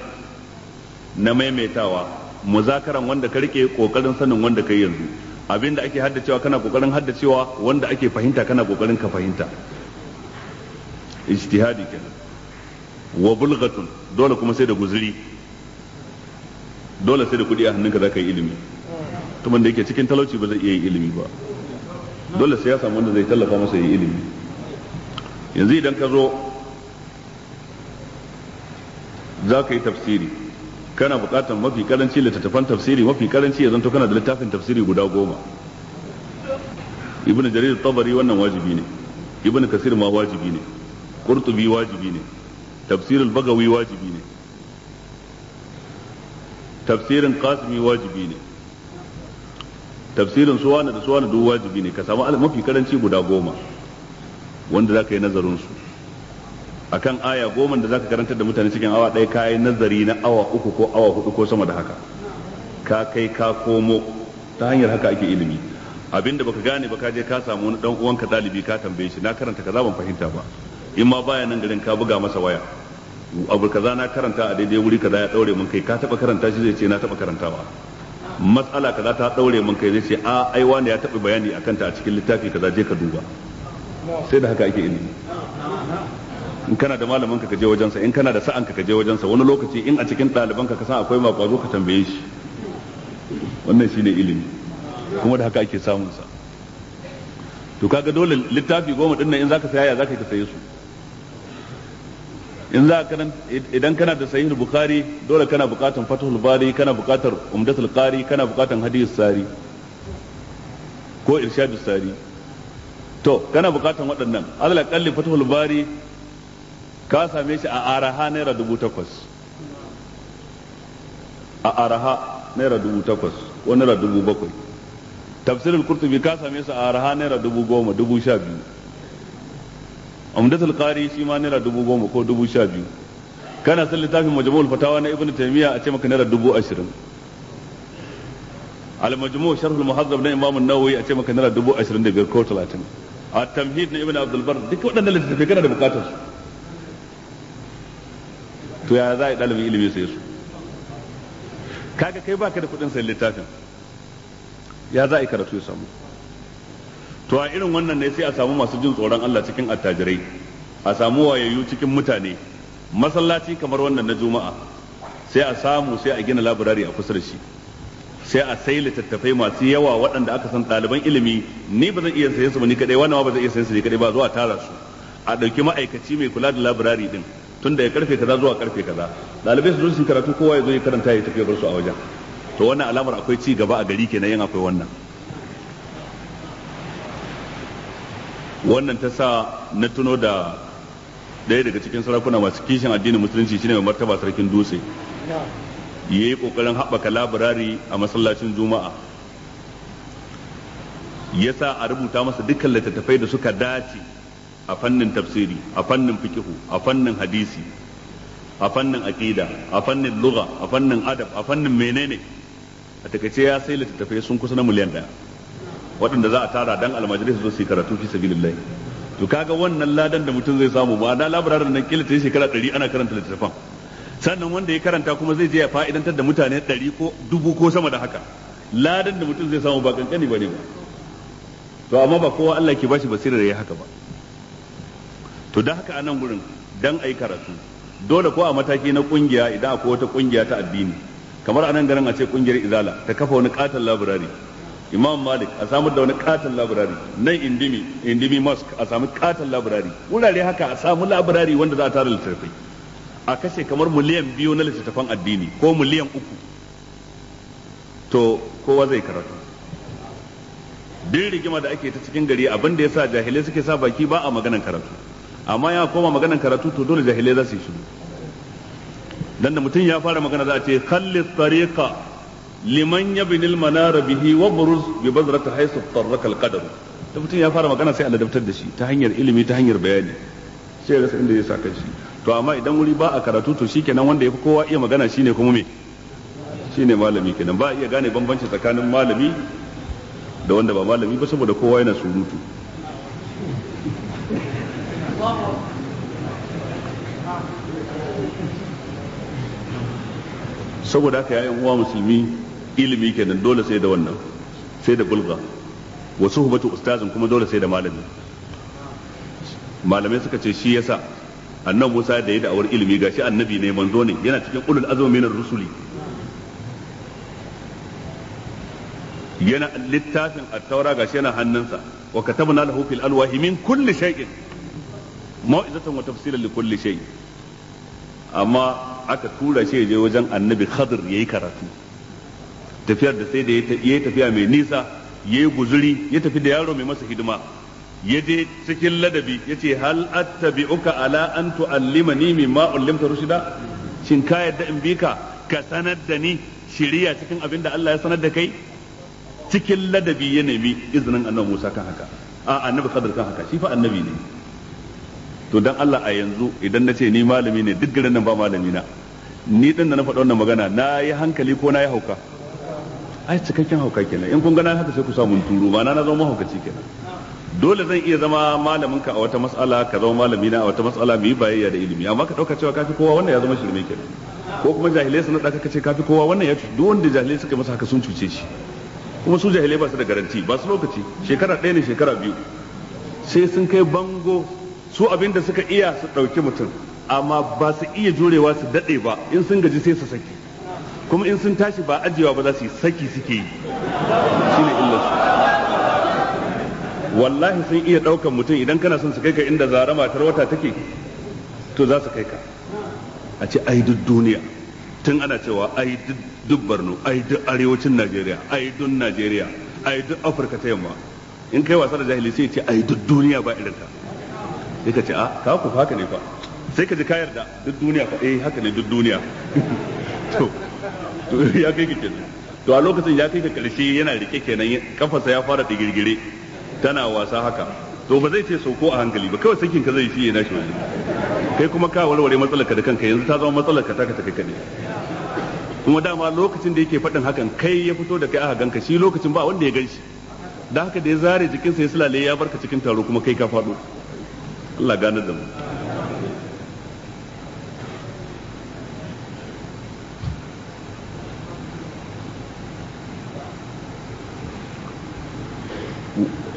na maimaitawa muzakaran wanda ka rike kokarin sanin wanda ka yi yanzu abin da ake haddacewa kana kokarin haddacewa wanda ake fahimta kana kokarin ka fahimta ijtihadi kenan wa bulghatun dole kuma sai da guzuri dole sai da kudi a hannunka zaka yi ilimi tuman da yake cikin talauci ba zai iya yin ilimi ba dole sai ya samu wanda zai tallafa masa yin ilimi yanzu idan ka zo za ka yi tafsiri kana buƙatar mafi karanci littattafan tafsiri mafi karanci ya zanto kana da littafin tafsiri guda goma ibn jarir tabari wannan wajibi ne ibn kasir ma wajibi ne qurtubi wajibi ne tafsirul bagawi wajibi ne tafsirin qasimi wajibi ne tafsirin suwana da suwana duk wajibi ne ka samu mafi karanci guda goma wanda za ka yi nazarin su akan aya goma da zaka karantar da mutane cikin awa ɗaya kayi nazari na awa uku ko awa hudu ko sama da haka ka kai ka komo ta hanyar haka ake ilimi abinda baka gane ba ka je ka samu wani dan uwanka dalibi ka tambaye shi na karanta kaza ban fahimta ba in ma baya nan garin ka buga masa waya abu kaza na karanta a daidai wuri kaza ya daure mun kai ka taba karanta shi zai ce na taba karantawa matsala kaza ta daure mun kai zai ce a ai wani ya taba bayani akan ta a cikin littafi kaza je ka duba sai da haka ake ilimi in kana da malamin ka je wajensa in kana da sa'an ka je wajensa wani lokaci in a cikin ɗaliban ka ka san akwai makwazo ka tambaye shi wannan shine ilimi kuma da haka ake samun sa to kaga dole littafi goma din nan in zaka saya ya zaka ka saye su in za ka idan kana da sahih bukhari dole kana bukatan fathul bari kana bukatar umdatul qari kana bukatan hadith sari ko irshadus sari to kana bukatan waɗannan alal qalli fathul bari ka same shi a araha naira dubu takwas a araha naira dubu takwas ko naira dubu bakwai tafsirin kurtubi ka same su a araha naira dubu goma dubu sha biyu amdatul qari shi ma naira dubu goma ko dubu sha biyu kana san littafin majmu'ul fatawa na ibnu taymiya a ce maka naira dubu ashirin al-majmu' sharh al muhadhab na imam an-nawawi a ce maka naira dubu ashirin da biyar ko talatin at-tamhid na ibnu abdul bar duk waɗannan littafai kana da bukatar su to ya za a yi ɗalibin ilimi sai su kaga kai baka da kuɗin sayan littafin ya za a yi karatu ya samu to a irin wannan ne sai a samu masu jin tsoron Allah cikin attajirai a samu wayayyu cikin mutane masallaci kamar wannan na juma'a sai a samu sai a gina labirari a kusa da shi sai a sai littattafai masu yawa waɗanda aka san ɗaliban ilimi ni ba zan iya sayan su ba ni kadai wannan ba zan iya sayan su ni kadai ba zuwa tara su a ɗauki ma'aikaci mai kula da labirari din tun ya karfe kaza zuwa karfe kaza dalibai su zo su karatu kowa ya zo ya karanta ya tafi bar su a wajen to wannan alamar akwai ci gaba a gari kenan yin akwai wannan wannan ta sa na tuno da daya daga cikin sarakuna masu kishin addinin musulunci shine mai martaba sarkin dutse ya yi ƙoƙarin haɓaka labirari a masallacin juma'a ya sa a rubuta masa dukkan littattafai da suka dace a fannin tafsiri a fannin fikihu a fannin hadisi a fannin aqida a fannin lugha a fannin adab a fannin menene a takaice ya sai littattafai sun kusa na miliyan daya waɗanda za a tara dan almajirai su zo su karatu fi sabilillah to kaga wannan ladan da mutum zai samu ba da labararin nan kila tayi shekara 100 ana karanta littattafan sannan wanda ya karanta kuma zai je ya fa'idantar da mutane 100 ko dubu ko sama da haka ladan da mutum zai samu ba kankani bane ba to amma ba kowa Allah ke bashi basirar yayi haka ba to da haka anan gurin dan yi karatu dole ko a mataki na kungiya idan akwai wata kungiya ta addini kamar anan garin a ce kungiyar izala ta kafa wani katon laburari imam malik a samu da wani katon laburari nan indimi indimi mosque a samu katon laburari wurare haka a samu laburari wanda za a tara littattafai a kashe kamar miliyan biyu na littattafan addini ko miliyan uku to kowa zai karatu duk rigima da ake ta cikin gari abin da yasa jahilai suke sa baki ba a maganan karatu amma ya koma maganar karatu to dole jahilai za su yi shiru dan da mutum ya fara magana za a ce khalli tariqa liman yabnil manara bihi wa buruz bi bazrata haythu tarraka al-qadar da mutum ya fara magana sai a ladabtar da shi ta hanyar ilimi ta hanyar bayani sai rasa inda ya sa kan shi to amma idan wuri ba a karatu to shikenan wanda yafi kowa iya magana shine kuma me shine malami kenan ba a iya gane bambanci tsakanin malami da wanda ba malami ba saboda kowa yana surutu saboda haka yayin uwa musulmi ilimi kenan dole sai da wannan sai da bulga wasu hubatu ustazin kuma dole sai da malami malamai suka ce shi yasa annabi Musa da ya da'awar ilimi gashi annabi ne manzo ne yana cikin ulul azmi minar rusuli yana littafin at-taura gashi yana hannunsa wa katabna lahu fil alwahi min kulli shay'in mau'izatan wa tafsilan li kulli amma aka tura shi je wajen annabi khadir yayi karatu tafiyar da sai da yayi tafiya mai nisa yayi guzuri ya tafi da yaro mai masa hidima ya je cikin ladabi ya ce hal attabi'uka ala an tu'allimani mimma ullimta rushida shin ka yadda in bi ka ka sanar da ni shiriya cikin abin da Allah ya sanar da kai cikin ladabi ya nemi izinin annabi Musa kan haka a annabi Khadir kan haka shi fa annabi ne to dan Allah a yanzu idan na ce ni malami ne duk garin nan ba malami na ni din da na faɗa wannan magana na yi hankali ko na yi hauka ai cikakken hauka kenan in kun gana haka sai ku sa turu ba na na zama haukaci kenan dole zan iya zama malamin ka a wata mas'ala ka zama malami na a wata mas'ala mu yi bayayya da ilimi amma ka dauka cewa kafi kowa wannan ya zama shirme kenan ko kuma jahilai sun da kace kafi kowa wannan ya duk wanda jahilai suka masa haka sun cuce shi kuma su jahilai ba su da garanti ba su lokaci shekara ɗaya ne shekara biyu sai sun kai bango su abin da suka iya su ɗauki mutum amma ba su iya jurewa su daɗe ba in sun gaji sai su saki kuma in sun tashi ba ajiyewa ba za su yi saki suke yi shine illarsu wallahi sun iya ɗaukan mutum idan kana son su kai ka inda zara matar wata take to za su kai ka a ce ai duk duniya tun ana cewa ai duk borno ai duk arewacin najeriya ai duk najeriya ai duk afirka ta yamma in kai wasa da jahili sai ce ai duk duniya ba irin ta sai ka ce a ah, ka ku haka ne fa sai ka ji kayar da duk duniya fa eh haka ne duk duniya to ya kai kike to a lokacin ya kai ka karshe yana rike kenan kafarsa ya fara digirgire tana wasa haka to ba zai ce sauko a hankali ba kawai sakin ka zai shi yana shi wani kai kuma ka warware ka da kanka yanzu ta zama matsalarka ta ka ta kai kade kuma dama lokacin da yake faɗin hakan kai ya fito da kai a ganka shi lokacin ba wanda ya gan shi da haka da ya zare jikinsa ya sulale ya barka cikin taro kuma kai ka faɗo Allah gane da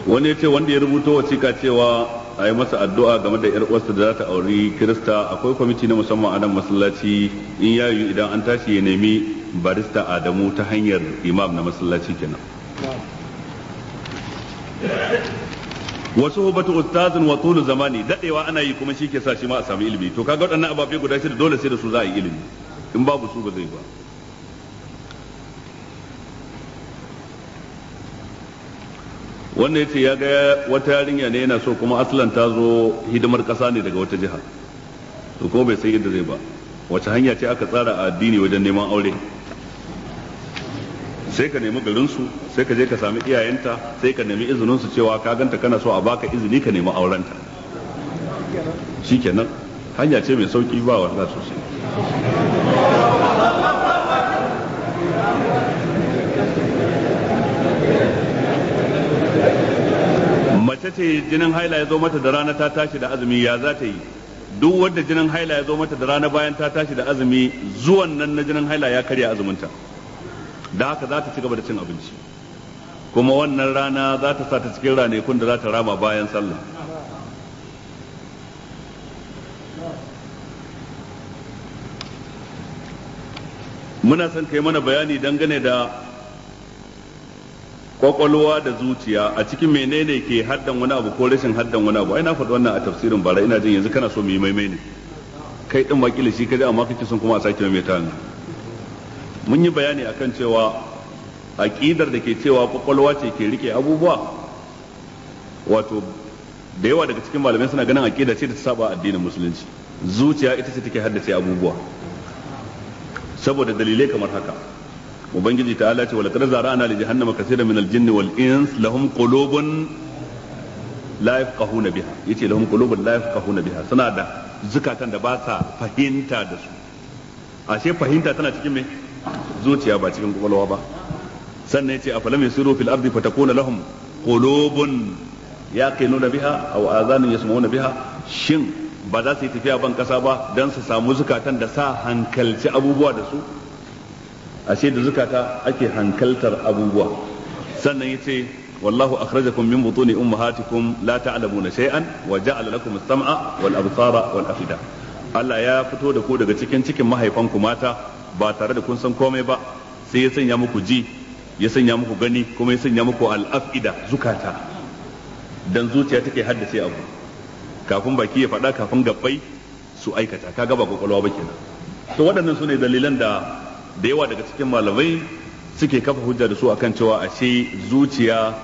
wani ya ce wanda ya rubuta wacika cewa a yi masa addu'a game da yar uwarsa da za ta auri kirista akwai kwamiti na musamman a masallaci in ya idan an tashi ya nemi barista adamu ta hanyar imam na masallaci kenan wasu suhbatu ustazin wa tulu zamani dadewa ana yi kuma shike sa shi ma a samu ilimi to kaga waɗannan ababe guda shida dole sai da su za a yi ilimi in babu su ba zai ba wannan yace ya ga wata yarinya ne yana so kuma aslan ta zo hidimar kasa ne daga wata jiha to kuma bai san yadda zai ba wace hanya ce aka tsara a addini wajen neman aure sai ka nemi garinsu sai ka je ka sami iyayenta sai ka nemi izinin su cewa ka ganta kana so a baka izini ka nemi aurenta shikenan hanya ce mai sauki ba wanda sosai mace ce jinin haila ya zo mata da rana ta tashi da azumi ya za ta yi duk wadda jinin haila ya zo mata da rana bayan ta tashi da azumi zuwan nan na jinin haila ya karya azuminta da haka za ta ci gaba da cin abinci kuma wannan rana za ta sa ta cikin ranakun da za ta rama bayan sallah muna son kai mana bayani dangane da kwakwalwa da zuciya a cikin menene ke haddan wani abu ko rashin haddan wani abu ai na faɗi wannan a tafsirin bara ina jin yanzu kana so mu yi maimai ne kai din wakili shi kaje amma kake son kuma a sake maimaita mun yi bayani akan cewa aqidar da ke cewa kwakwalwa ce ke rike abubuwa wato da yawa daga cikin malamai suna ganin aqida ce da ta saba addinin musulunci zuciya ita ce take haddace abubuwa saboda dalilai kamar haka ubangiji ta ce wal qad zara'na li jahannama kaseeran min al-jinn wal ins lahum qulubun la yafqahuna biha yace lahum qulubun la yafqahuna biha suna da zukatan da ba sa fahimta da su ashe fahimta tana cikin me zuciya ba cikin kwakwalwa ba sannan yace afalam yasiru fil ardi fatakuna lahum qulubun yaqinuna biha aw azanun yasma'una biha shin ba za su yi tafiya ban kasa ba dan su samu zukatan da sa hankalci abubuwa da su ashe da zukata ake hankaltar abubuwa sannan yace والله أخرجكم من بطون أمهاتكم لا تعلمون شيئا وجعل لكم السمع والأبصار afida. Allah ya fito da ku daga cikin cikin mahaifanku mata ba tare da kun san komai ba sai ya sanya muku ji ya sanya muku gani kuma ya sanya muku al'afida zukata dan zuciya take haddace abu kafin baki ya faɗa kafin gabbai su aikata kaga ba kwakwalwa ba kenan to waɗannan su ne dalilan da da yawa daga cikin malamai suke kafa hujja da su akan cewa ashe zuciya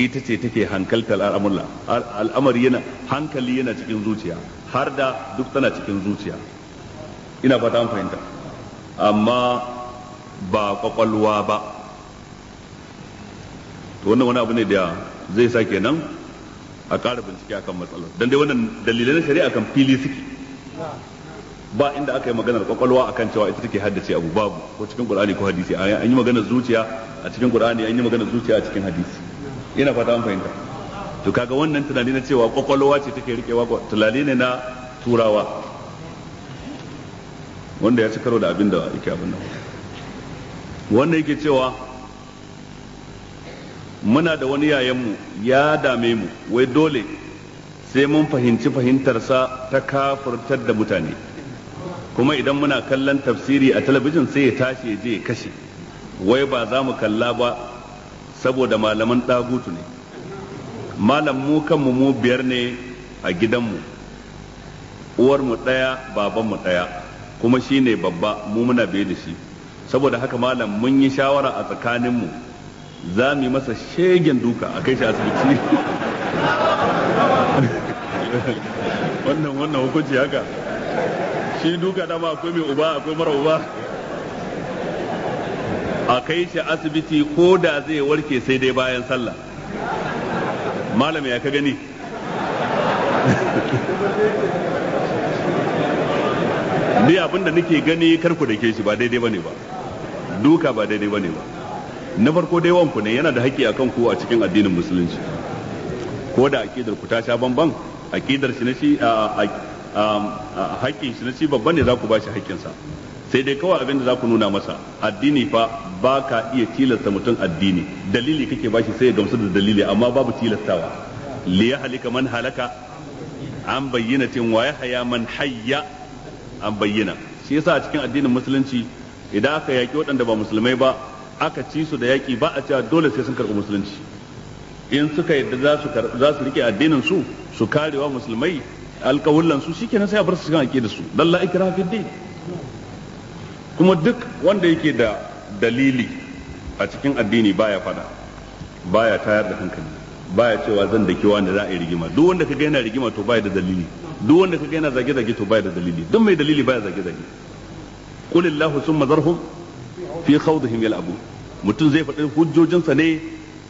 ita ce take hankaltar al'amurla al'amari yana hankali yana cikin zuciya har da duk tana cikin zuciya ina fata an fahimta amma ba kwakwalwa ba to wannan wani abu ne da zai sa kenan a ƙara bincike akan matsalar dan dai wannan dalilai na shari'a kan fili suke ba inda aka yi maganar kwakwalwa akan cewa ita take haddace abu babu ko cikin qur'ani ko hadisi an yi maganar zuciya a cikin qur'ani an yi maganar zuciya a cikin hadisi ina fata an fahimta to kaga wannan tunani na cewa kwakwalwa ce take rikewa tunani ne na turawa wanda ya ci karo da abin da yake abin nan wannan yake cewa muna da wani yayanmu ya dame mu wai dole sai mun fahimci fahimtarsa ta kafurtar da mutane kuma idan muna kallon tafsiri a talabijin sai ya tashi ya je ya kashe wai ba za mu kalla ba saboda malaman ɗagutu ne malam mu kanmu mu biyar ne a gidanmu uwarmu ɗaya babanmu ɗaya kuma shi ne babba mu muna biye da shi saboda haka malam mun yi shawara a tsakaninmu za mu yi masa shegen duka a kai shi asibiti wannan wannan hukunci haka shi duka dama akwai mai uba akwai mara uba a kai shi asibiti ko da zai warke sai dai bayan sallah malam ya ka gani ni abinda nake gani karku da ke shi ba daidai bane ba duka ba daidai bane ba na farko dai wanku ne yana da haƙƙi akan ku a cikin addinin musulunci ko da aqidar ku ta sha bamban aqidar shi na shi haƙƙin shi na shi babban ne za ku bashi sa sai dai kawai abin da za ku nuna masa addini fa ba ka iya tilasta mutum addini dalili kake bashi sai ya gamsu da dalili amma babu tilastawa li halika man halaka an bayyana tin wa haya man hayya an bayyana shi yasa a cikin addinin musulunci idan aka yaki waɗanda ba musulmai ba aka ci su da yaƙi ba a cewa dole sai sun karɓi musulunci in suka yadda za su rike addinin su su karewa musulmai alƙawullan su kenan sai a bar su cikin aƙidar su dalla ikira fi fid din kuma duk wanda yake da dalili a cikin addini baya fada baya tayar da hankali baya cewa zan daki wanda za a yi rigima duk wanda ka yana rigima to baya da dalili duk wanda ka yana zage zage to baya da dalili duk mai dalili baya zage zage qul illahu summa zarhum fi khawdihim yal'abun mutum zai faɗi hujjojinsa ne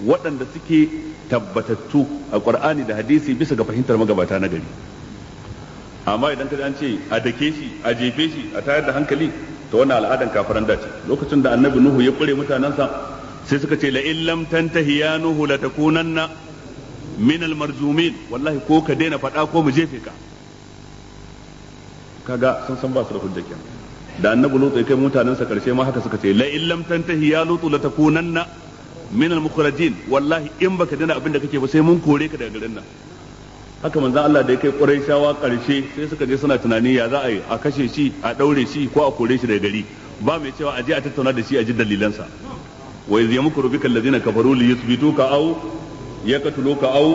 waɗanda suke tabbatattu a ƙur'ani da hadisi bisa ga fahimtar magabata na gari amma idan ka an ce a dake shi a jefe shi a tayar da hankali ta wani al'adan kafaran dace lokacin da annabi nuhu ya ƙure mutanensa sai suka ce la lam tantahi ya nuhu la takunanna min almarjumin wallahi ko ka daina faɗa ko mu jefe ka kaga sun san ba su da hujja kenan da annabi lutu ya kai mutanensa karshe ma haka suka ce la illam tantahi ya lutu la takunanna min al mukhrajin wallahi in baka dana abinda kake ba sai mun kore ka daga garin nan haka manzo Allah da ya kai quraishawa karshe sai suka je suna tunani ya za a yi a kashe shi a daure shi ko a kore shi daga gari ba mai cewa a je a tattauna da shi a ji dalilansa wa iz yamkuru bika allazina kafaru li yuthbituka aw yaqtuluka aw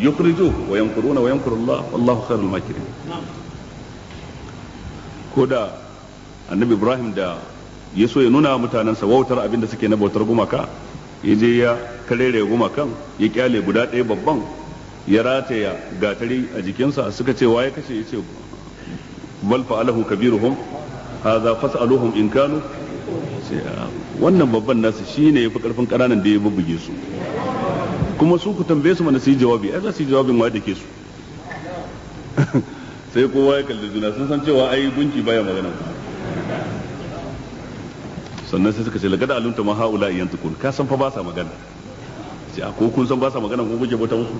yukhrijuka wa yamkuruna wa yamkuru Allah wallahu khairul makirin ko da annabi ibrahim da ya so ya nuna mutanensa wautar abin da suke na bautar gumaka ya je ya karere gumakan ya kyale guda ɗaya babban ya rataya gatari a jikinsa suka ce waye kace ya ce bal fa'alahu kabiruhum hadha fas'aluhum in kanu ah, wannan babban nasu shine yafi karfin kananan da ya bubbuge su kuma su ku tambaye su mana su yi jawabi ai za su yi jawabin waye dake su sai kowa ya kalli juna sun san cewa ai gunki baya magana sannan sai suka ce lagada alimta ma haula iyan tukun ka san fa ba sa magana sai a ko kun san ba sa magana ko kuke bata musu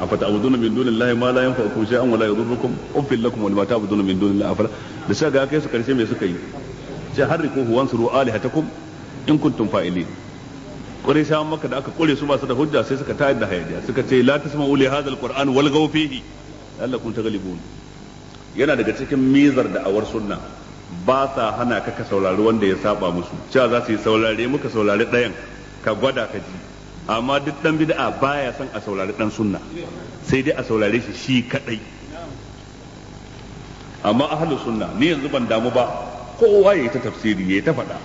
a fata abudun min dunillahi ma la yanfa'ukum shay'an wa la yadurrukum ufil lakum wal lima ta'budun min dunillahi afala da sai ga kai su karshe me suka yi sai harriku wansuru alihatakum in kuntum fa'ilin kure an maka da aka kure su ba su da hujja sai suka tayar da hayaniya suka ce la tasma'u li hadha alquran walgaw fihi la'allakum taghlibun yana daga cikin mizar da awar sunna ba sa hana ka ka saurari wanda ya saba musu cewa za su yi saurare muka saurari ɗayan ka gwada ka ji amma duk dan bid'a baya son a saurari dan sunna sai dai a saurare shi shi kadai amma ahlus sunna ni yanzu ban damu ba kowa yayi ta tafsiri yayi ta faɗa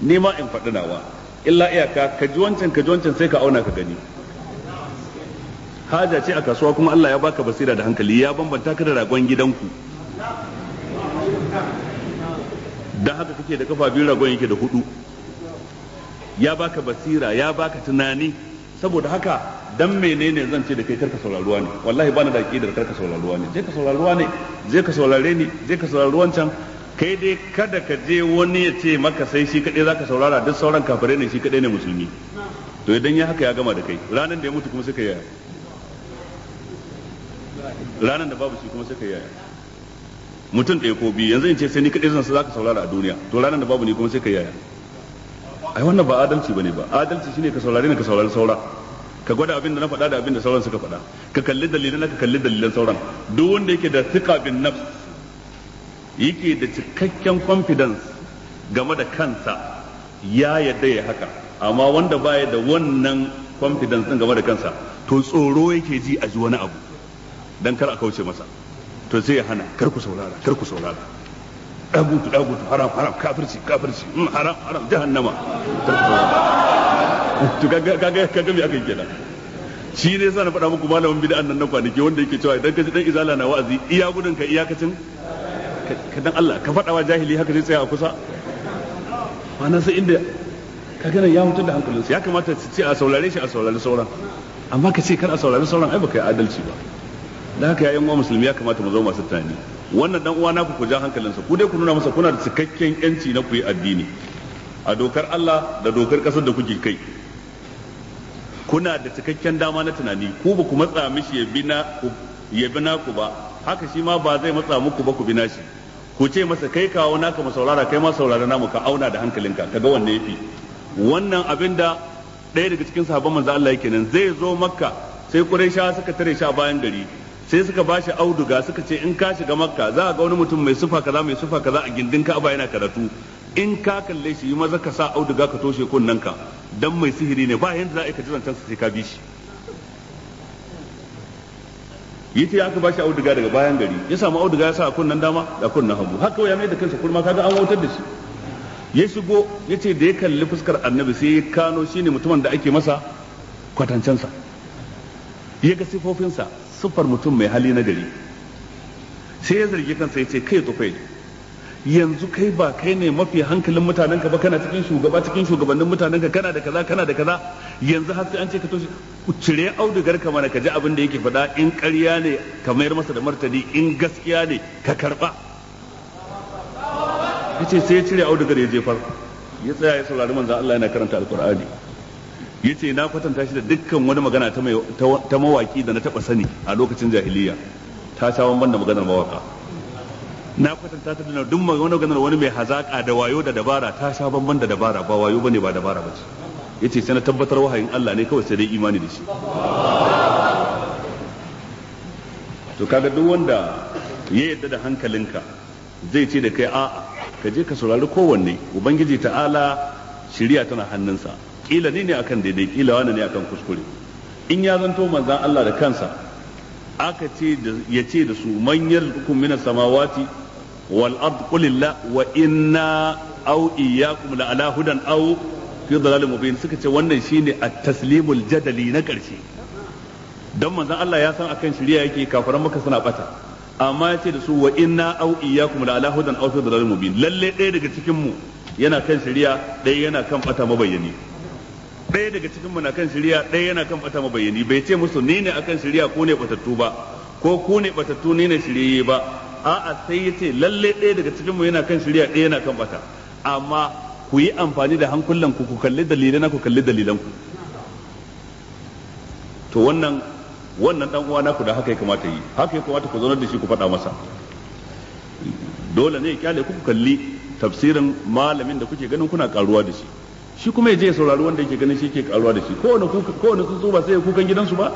ni ma in faɗi nawa illa iyaka ka ji wancan ka ji wancan sai ka auna ka gani haja ce a kasuwa kuma Allah ya baka basira da hankali ya bambanta ka da ragon gidanku dan haka kake da kafa biyu ragon yake da hudu ya baka basira ya baka tunani saboda haka dan menene zan ce da kai karka sauraruwa ne wallahi bana da aqidar karka sauraruwa ne je ka sauraruwa ne je ka saurare ni je ka saurari can kai dai kada ka je wani ya ce maka sai shi kadai zaka saurara duk sauran kafare ne shi kadai ne musulmi to idan ya haka ya gama da kai ranan da ya mutu kuma sai ka yaya ranan da babu shi kuma sai ka yaya mutum ɗaya ko biyu yanzu in ce sai ni kaɗai zan za ka saurara a duniya to ranar da babu ni kuma sai ka yaya ai wannan ba adalci bane ba adalci shine ka saurare ni ka saurari saura ka gwada abin da na faɗa da abin da sauran suka faɗa ka kalli dalilan ka kalli dalilan sauran duk wanda yake da thiqa bin nafs yake da cikakken confidence game da kansa ya yadda ya haka amma wanda baya da wannan confidence din game da kansa to tsoro yake ji a ji wani abu dan kar a kauce masa to zai ya hana kar ku saurara kar ku saurara dagutu dagutu haram haram kafirci kafirci mm, haram haram jahannama to ga ga ga mi aka yi kenan shi ne yasa na faɗa muku malamin bid'an nan na kwanaki wanda yake cewa idan ka ji dan izala na wa'azi iya gudun ka iyakacin ka dan Allah ka faɗa wa jahili haka zai tsaya a kusa ma'ana sai inda ka gana ya mutu da hankalinsa ya kamata su ce a saurare shi a saurare sauran amma ka ce kar a saurare sauran ai baka yi adalci ba da haka yayin uwa musulmi ya kamata mu zo masu tunani wannan dan uwa naku ku ja hankalinsa ku dai ku nuna masa kuna da cikakken yanci na ku yi addini a dokar Allah da dokar kasar da kuke kai kuna da cikakken dama na tunani ku ba ku matsa mishi ya bi ku ya bi ku ba haka shi ma ba zai matsa muku ba ku bi nashi ku ce masa kai kawo naka mu saurara kai ma saurara namu ka auna da hankalinka kaga wanne yafi wannan abin da ɗaya daga cikin sahabban manzo Allah yake nan zai zo makka sai quraisha suka tare shi a bayan gari sai suka ba shi auduga suka ce in ka shiga makka za a ga wani mutum mai sufa kaza mai sufa kaza a gindin ka'aba yana karatu in ka kalle shi yi maza ka sa auduga ka toshe kunnen ka dan mai sihiri ne ba yanda za a yi ka ji zancen sai ka bi shi yace aka ba shi auduga daga bayan gari ya samu auduga ya sa a kunnen dama da kunnen hagu haka ya mai da kansa kurma kaga an wautar da shi ya shigo ya ce da ya kalli fuskar annabi sai ya kano shine mutumin da ake masa kwatancensa ya ga sifofinsa siffar mutum mai hali na gari sai ya zargi kansa ya ce kai tufai yanzu kai ba kai ne mafi hankalin mutanen ka ba kana cikin shugaba cikin shugabannin mutanen ka kana da kaza kana da kaza yanzu har sai an ce ka toshe cire audugar ka mana ka ji abin da yake faɗa in ƙarya ne ka mayar masa da martani in gaskiya ne ka karɓa yace sai ya cire audugar ya jefar ya tsaya ya saurari manzon Allah yana karanta alqur'ani yace na kwatanta shi da dukkan wani magana ta ta mawaki da na taba sani a lokacin jahiliya ta sha bamban da maganar mawaka na kwatanta ta da duk wani maganar wani mai hazaka da wayo da dabara ta sha bamban da dabara ba wayo bane ba dabara ba yace sai na tabbatar wahayin Allah ne kawai sai dai imani da shi to kaga duk wanda ya yadda da hankalinka zai ce da kai a'a ka je ka saurari kowanne ubangiji ta'ala shirya tana hannunsa kila ni ne akan daidai kila wani ne akan kuskure in ya zanto manzan Allah da kansa aka ce ya ce da su manyan hukum minas samawati wal ard qulilla wa inna aw iyyakum la ala hudan aw fi dhalalin mubin suka ce wannan shine at-taslimul jadali na karshe dan manzan Allah ya san akan shari'a yake kafaran maka suna bata amma ya ce da su wa inna aw iyyakum la ala hudan aw fi dhalalin mubin lalle ɗaya daga cikin mu yana kan shari'a ɗaya yana kan bata mabayyani ɗaya daga cikin mu na kan shari'a ɗaya yana kan bata bayyani bai ce musu ni ne akan shari'a ko ne batattu ba ko ku ne batattu ni ne shirye ba a'a sai ya ce lalle ɗaya daga cikin mu yana kan shari'a ɗaya yana kan bata amma ku yi amfani da hankulan ku ku kalli dalilan ku kalli dalilan ku to wannan wannan dan uwa naku da haka ya kamata yi haka ya kamata ku zaunar da shi ku faɗa masa dole ne ya kyale ku kalli tafsirin malamin da kuke ganin kuna karuwa da shi shi kuma ya je saurari wanda yake ganin shi ke karuwa da shi kowane kowane tsuntsu ba sai ya kukan gidansu ba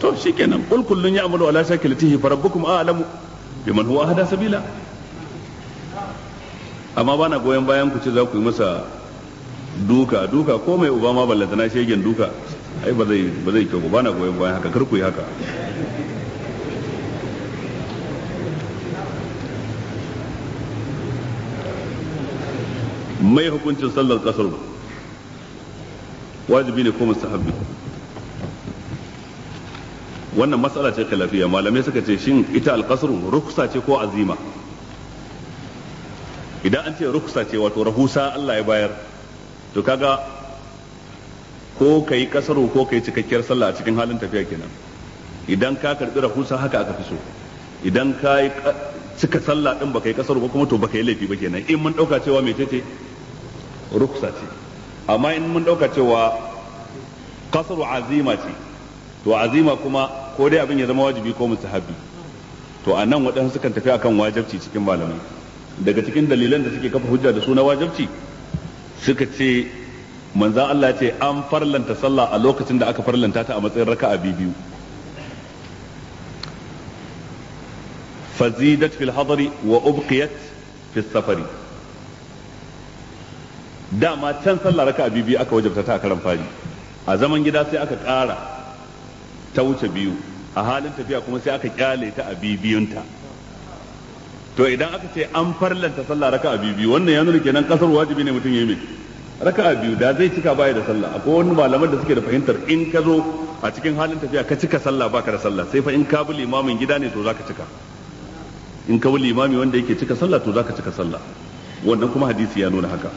to shikenan kul kullun ya'malu ala shakilatihi fa rabbukum a'lamu biman huwa ahda sabila amma bana goyon bayan ku ce za ku yi masa duka duka ko mai uba ma na shegen duka ai ba zai ba zai kyau ba na goyon bayan haka kar ku yi haka mai hukuncin sallar kasar wajibi ne ko mustahabbi wannan matsala ce lafiya malamai suka ce shin ita alkasar rukusa ce ko azima idan an ce rukusa ce wato rahusa Allah ya bayar to kaga ko ka yi kasar ko ka yi cikakkiyar sallah a cikin halin tafiya kenan idan ka karbi rahusa haka aka fi so idan ka yi cika sallah din baka yi kasar ba kuma to baka yi laifi ba kenan in mun dauka cewa mecece. ce ruksa ce amma in mun ɗauka cewa kasru azima ce to azima kuma ko dai abin ya zama wajibi ko mustahabi to a nan waɗansu sukan tafi akan wajabci cikin malamai daga cikin dalilan da suke kafa hujja da su na wajibci suka ce manza Allah ce an farlanta sallah a lokacin da aka farlanta ta a matsayin raka'a biyu fazidat fil hadari wa ubqiyat fis safari dama can sallah raka biyu aka wajabta ta a karan fari a zaman gida sai aka ƙara ta wuce biyu a halin tafiya kuma sai aka kyale ta a bibiyunta to idan aka ce an farlanta sallah raka biyu wannan ya nuna kenan kasar wajibi ne mutum ya raka raka'a biyu da zai cika baya da sallah akwai wani malaman da suke da fahimtar in ka zo a cikin halin tafiya ka cika sallah baka da sallah sai fa in ka bi limamin gida ne to zaka cika in ka bi imami wanda yake cika sallah to zaka cika sallah wannan kuma hadisi ya nuna haka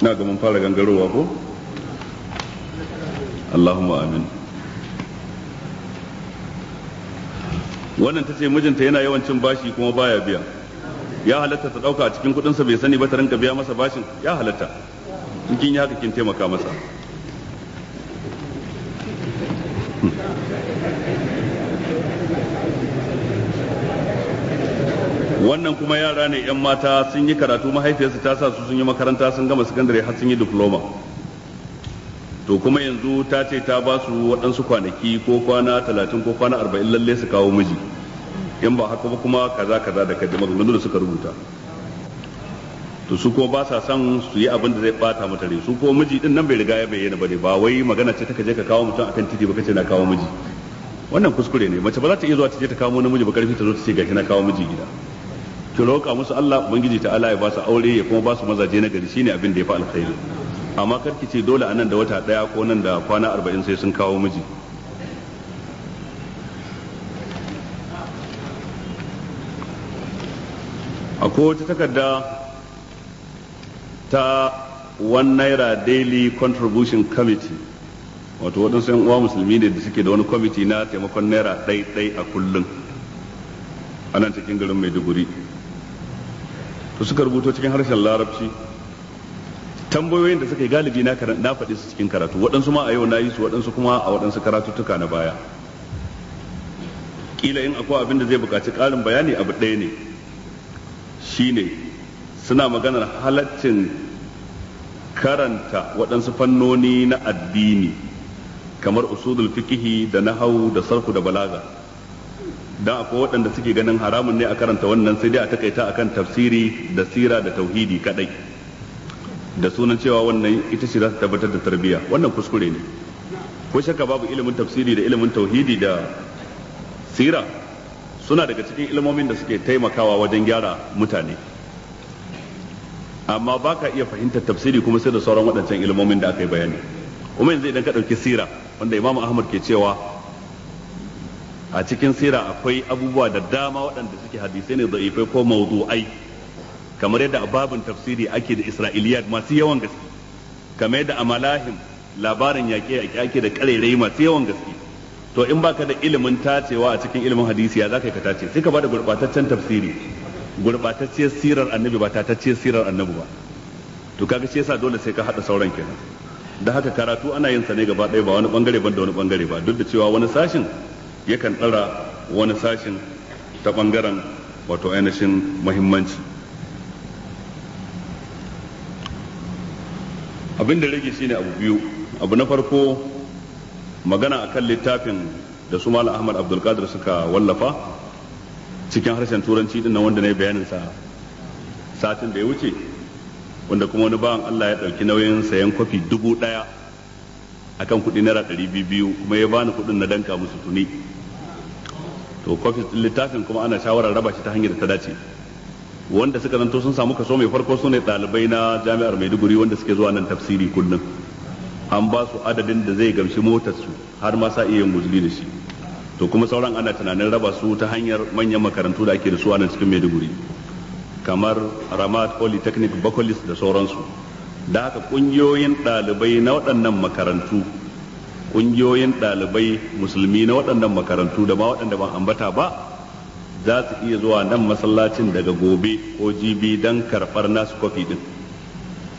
na ga mun fara gangarowa ko Allahumma amin wannan tace mijinta yana yawan cin bashi kuma baya biya ya halatta ta ɗauka a cikin kudin sa bai sani ba ta rinka biya masa bashin ya halatta kin yi haka kin taimaka masa wannan kuma yara ne yan mata sun yi karatu mahaifiyarsu ta sa su sun yi makaranta sun gama sakandare har sun yi diploma to kuma yanzu ta ce ta ba su waɗansu kwanaki ko kwana talatin ko kwana arba'in lalle su kawo miji in ba haka ba kuma kaza kaza da kaddama maganganu da suka rubuta to su kuma ba sa son su yi abin da zai bata mata rai su kuma miji din nan bai riga ya bayyana ne ba wai magana ce ta je ka kawo mutum akan titi ba kace na kawo miji wannan kuskure ne mace ba za ta iya zuwa ta je ta kawo namiji ba karfi ta zo ta ce gashi na kawo miji gida ki roƙa musu Allah ubangiji ta Allah ya ba su aure ya kuma ba su mazaje na gari shine abin da ya fi alkhairi amma kar ki ce dole anan da wata daya ko nan da kwana 40 sai sun kawo miji akwai wata takarda ta one naira daily contribution committee wato waɗansu uwa musulmi ne da suke da wani kwamiti na taimakon naira ɗai-ɗai a kullum anan cikin garin maiduguri to suka rubuto cikin harshen larabci tambayoyin da suka yi galibi na faɗi su cikin karatu waɗansu ma a yau na yi su waɗansu kuma a waɗansu karatuttuka na baya Ƙila in akwai abin da zai buƙaci ƙarin bayani abu ɗaya ne shine suna maganar halaccin karanta waɗansu fannoni na addini kamar usudul fikihi da nahau da sarku da balaga dan akwai waɗanda suke ganin haramun ne a karanta wannan sai dai a takaita akan tafsiri da sira da tauhidi kadai da sunan cewa wannan ita ce za ta tabbatar da tarbiyya wannan kuskure ne ko shakka babu ilimin tafsiri da ilimin tauhidi da sira suna daga cikin ilmomin da suke taimakawa wajen gyara mutane amma ba ka iya fahimtar tafsiri kuma sai da sauran waɗancan ilmomin da aka yi bayani kuma yanzu idan ka ɗauki sira wanda imam ahmad ke cewa a cikin sira akwai abubuwa da dama waɗanda suke hadisai ne da'ifai ko mawdu'ai kamar yadda a babin tafsiri ake da isra'iliyat masu yawan gaske kamar yadda a malahim labarin yaƙe yaƙe ake da ƙarerai masu yawan gaske to in baka da ilimin tacewa a cikin ilimin hadisi ya zaka ka tace sai ka bada gurɓataccen tafsiri gurɓataccen sirar annabi ba tatacciyar sirar annabi ba to kaga shi yasa dole sai ka hada sauran kenan da haka karatu ana yin sa ne gaba ɗaya ba wani bangare ban da wani bangare ba duk da cewa wani sashin yakan tsara wani sashin ta ɓangaren wato ainihin muhimmanci abin da rage shine abu biyu abu na farko magana a kan littafin da su mala ahmad abdulkadir suka wallafa cikin harshen turanci din wanda na yi bayaninsa satin da ya wuce wanda kuma wani bawan allah ya ɗauki nauyin sayan kwafi dubu ɗaya akan kuɗi naira ɗari biyu biyu kuma ya bani kuɗin na danka musu tuni to kofis ɗin littafin kuma ana shawarar raba shi ta hanyar ta dace wanda suka zanto sun samu kaso mai farko su ne ɗalibai na jami'ar maiduguri wanda suke zuwa nan tafsiri kullum an ba su adadin da zai gamshi motar su har ma sa iya guzuli da shi to kuma sauran ana tunanin raba su ta hanyar manyan makarantu da ake da su a nan cikin maiduguri kamar ramat polytechnic bakolis da sauransu da haka kungiyoyin ɗalibai na waɗannan makarantu kungiyoyin ɗalibai musulmi na waɗannan makarantu da ma waɗanda ban ambata ba za su iya zuwa nan masallacin daga gobe ko jibi don karɓar nasu kwafi ɗin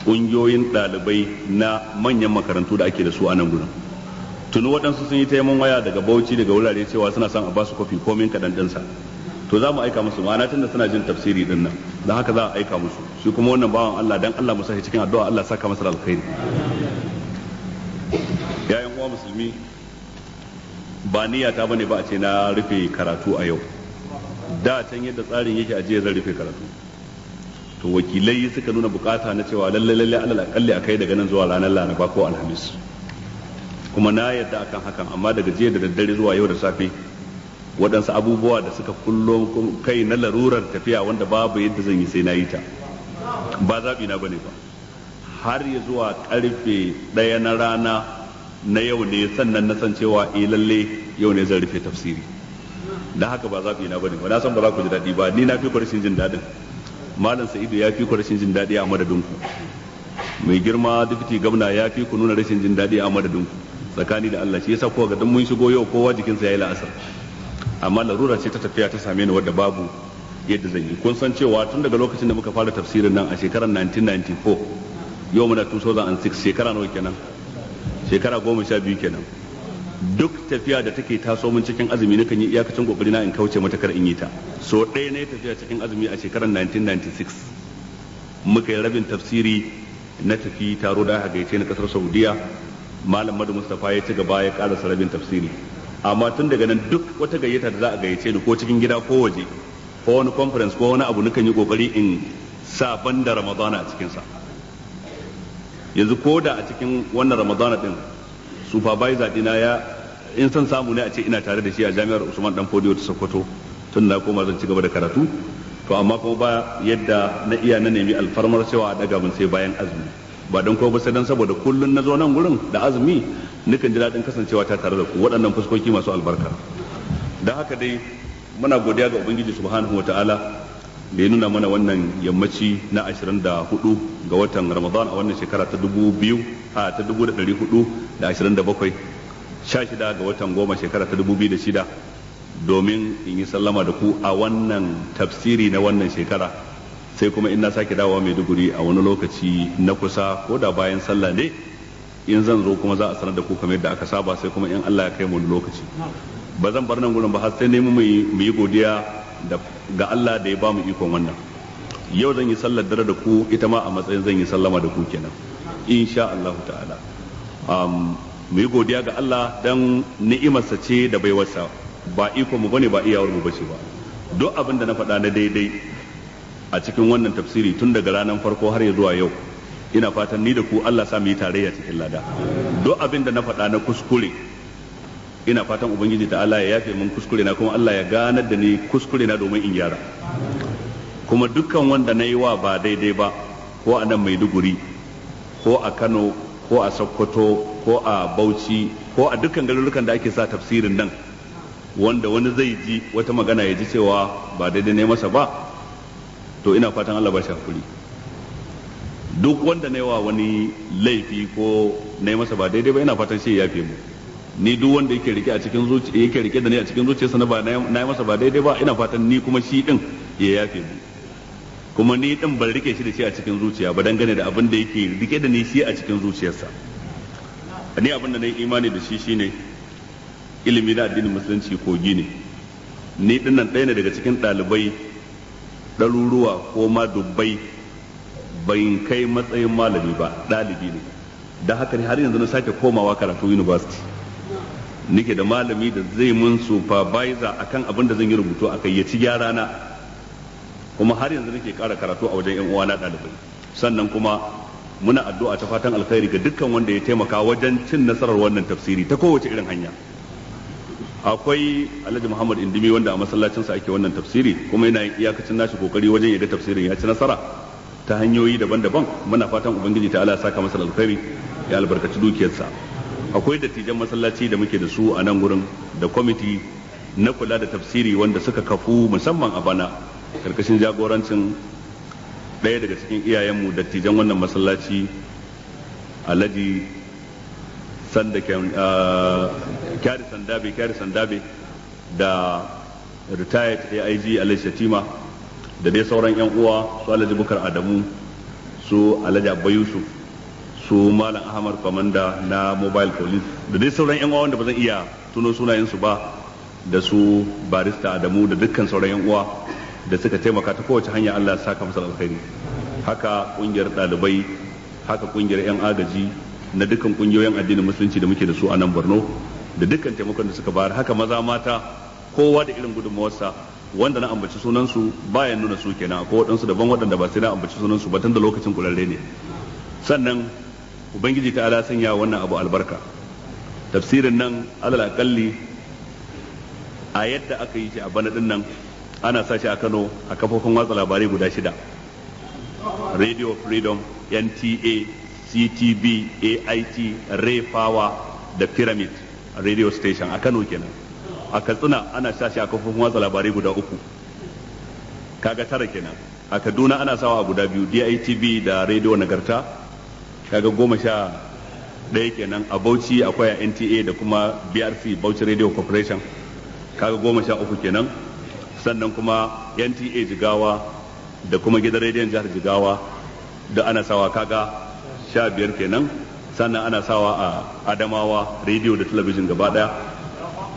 kungiyoyin ɗalibai na manyan makarantu da ake da su a nan gudun tuni waɗansu sun yi taimakon waya daga bauchi daga wurare cewa suna son a ba su kwafi komin kaɗan ɗinsa to za mu aika musu ma'ana tunda suna jin tafsiri din nan dan haka za a aika musu shi kuma wannan bawan Allah dan Allah mu cikin addu'a Allah saka masa alkhairi yayin uwa musulmi ba niyya ta bane ba a ce na rufe karatu a yau da can yadda tsarin yake ajiye zan rufe karatu to wakilai suka nuna bukata na cewa lalle lalle alal a kai daga nan zuwa ranar laraba ko alhamis kuma na yadda akan hakan amma daga jiya da daddare zuwa yau da safe waɗansu abubuwa da suka kullo kai na larurar tafiya wanda babu yadda zan yi sai na yi ta ba zaɓi na bane ba har ya zuwa ƙarfe ɗaya na rana na yau ne sannan na san cewa eh lalle yau ne zan rufe tafsiri da haka ba zaɓi na bane ba na san ba za ku ji daɗi ba ni na fi ku rashin jin daɗin malam sa'idu ya fi ku rashin jin daɗi a madadinku mai girma dukti gwamna ya fi ku nuna rashin jin daɗi a madadinku tsakani da Allah shi yasa kowa ga dan mun shigo yau kowa jikinsa ya yi la'asar amma larura ce ta tafiya ta same ni wadda babu yadda zan yi kun san cewa tun daga lokacin da muka fara tafsirin nan a shekarar 1994 yau muna 2006 shekara nawa kenan shekara goma sha biyu kenan duk tafiya da take taso min cikin azumi nakan yi iyakacin kokari na in kauce mata kar in yi ta so ɗaya na tafiya cikin azumi a shekarar 1996 muka yi rabin tafsiri na tafi taro da aka gaice na kasar saudiya malam madu mustapha ya ci gaba ya ƙarasa rabin tafsiri amma tun daga nan duk wata gayyata da za a gayyace ni ko cikin gida ko waje ko wani conference ko wani abu nukan yi kokari in sa banda ramadana a cikinsa yanzu ko da a cikin wannan ramadana din supervisor dina ya in san samu ne a ce ina tare da shi a jami'ar usman dan fodiyo ta sokoto tun na koma zan ci gaba da karatu to amma kuma ba yadda na iya na nemi alfarmar cewa a daga mun sai bayan azumi ba don ko ba sai dan saboda kullun na zo nan gurin da azumi nukan ji daɗin kasancewa ta tare da ku waɗannan fuskoki masu albarka don haka dai muna godiya ga ubangiji subhanahu ta'ala da ya nuna mana wannan yammaci na 24 ga watan ramadan a wannan shekara ta 2000 a ta 1427 shida ga watan goma shekara ta 2006 domin in yi sallama da ku a wannan tafsiri na wannan shekara sai kuma in na sake dawowa duguri a wani lokaci na kusa ko da bayan sallah ne in zan zo kuma za a sanar da ku kamar yadda aka saba sai kuma in Allah ya kai mu lokaci ba zan bar nan gurin ba har sai ne mu yi godiya ga Allah da ya ba mu ikon wannan yau zan yi sallar dare da ku ita ma a matsayin zan yi sallama da ku kenan insha Allah ta'ala mu yi godiya ga Allah dan ni'imarsa ce da bai wasa ba iko mu bane ba iyawar mu bace ba duk abin da na faɗa na daidai a cikin wannan tafsiri tun daga ranar farko har zuwa yau ina fatan ni da ku Allah sa mu yi tarayya cikin lada duk abin da na faɗa na kuskure ina fatan ubangiji ta Allah ya yafe min kuskure na kuma Allah ya gana da ni kuskure na domin in gyara kuma dukkan wanda na yi wa ba daidai ba ko a nan Maiduguri ko a Kano ko a Sokoto ko a Bauchi ko a dukkan garurukan da ake sa tafsirin nan wanda wani zai ji wata magana ya ji cewa ba daidai ne masa ba to ina fatan Allah ba shi hakuri duk wanda na wa wani laifi ko na yi masa ba daidai ba ina fatan shi ya fi mu ni duk wanda yake rike a cikin zuciya yake rike da ni a cikin zuciyarsa sana ba na yi masa ba daidai ba ina fatan ni kuma shi din ya yafe mu kuma ni din ban rike shi da shi a cikin zuciya ba dangane da abin da yake rike da ni shi a cikin zuciyarsa ni abin da na yi imani da shi shine ilimi na addinin musulunci ko gini ni dinnan ɗaya ne daga cikin ɗalibai ɗaruruwa ko ma dubbai bai kai matsayin malami ba ɗalibi ne da haka ne har yanzu na sake komawa karatu university nike da malami da zai mun supervisor akan abin da zan yi rubutu a akai ya ci gyara na kuma har yanzu nake kara karatu a wajen yan uwana ɗalibai sannan kuma muna addu'a ta fatan alkhairi ga dukkan wanda ya taimaka wajen cin nasarar wannan tafsiri ta kowace irin hanya akwai alhaji muhammad indimi wanda a masallacinsa ake wannan tafsiri kuma yana iyakacin nashi kokari wajen ya ga tafsirin ya ci nasara ta hanyoyi daban-daban muna fatan ubangiji ta ala saka masa alkhairi ya albarkaci dukiyarsa akwai dattijan masallaci da muke da su a nan gurin da kwamiti na kula da tafsiri wanda suka kafu musamman a bana karkashin jagorancin ɗaya daga cikin iyayenmu dattijan wannan masallaci alhaji sanda ah, kyari sandabe kyari sandabe da retired aig alhaji shatima da dai sauran yan uwa su alhaji bukar adamu su alhaji abba yusuf su malam ahmad kwamanda na mobile police da dai sauran yan uwa wanda ba zan iya tuno sunayensu ba da su barista adamu da dukkan sauran yan uwa da suka taimaka ta kowace hanya allah saka masa alkhairi haka kungiyar ɗalibai haka kungiyar yan agaji na dukkan kungiyoyin addinin musulunci da muke da su a nan borno da dukkan taimakon da suka bayar haka maza mata kowa da irin gudunmawarsa wanda na ambaci sunansu bayan nuna su kenan ko waɗansu daban waɗanda ba sai na ambaci sunansu ba tun da lokacin kulalle ne sannan ubangiji ta ala sanya wannan abu albarka tafsirin nan alal akalli a yadda aka yi shi a bana din nan ana sa shi a Kano a kafofin watsa labarai guda shida Radio Freedom NTA CTV AIT Ray Power da Pyramid Radio Station a Kano kenan a katsina ana sa shi a kafofin watsa labarai guda uku kaga tara kenan a kaduna ana sawa a guda biyu ditv da radio nagarta kaga goma sha ɗaya kenan a bauchi akwai a nta da kuma brc bauchi radio corporation kaga goma sha uku kenan sannan kuma nta jigawa da kuma gidan rediyon jihar jigawa da ana sawa kaga sha biyar kenan sannan ana sawa a adamawa radio da talabijin gaba daya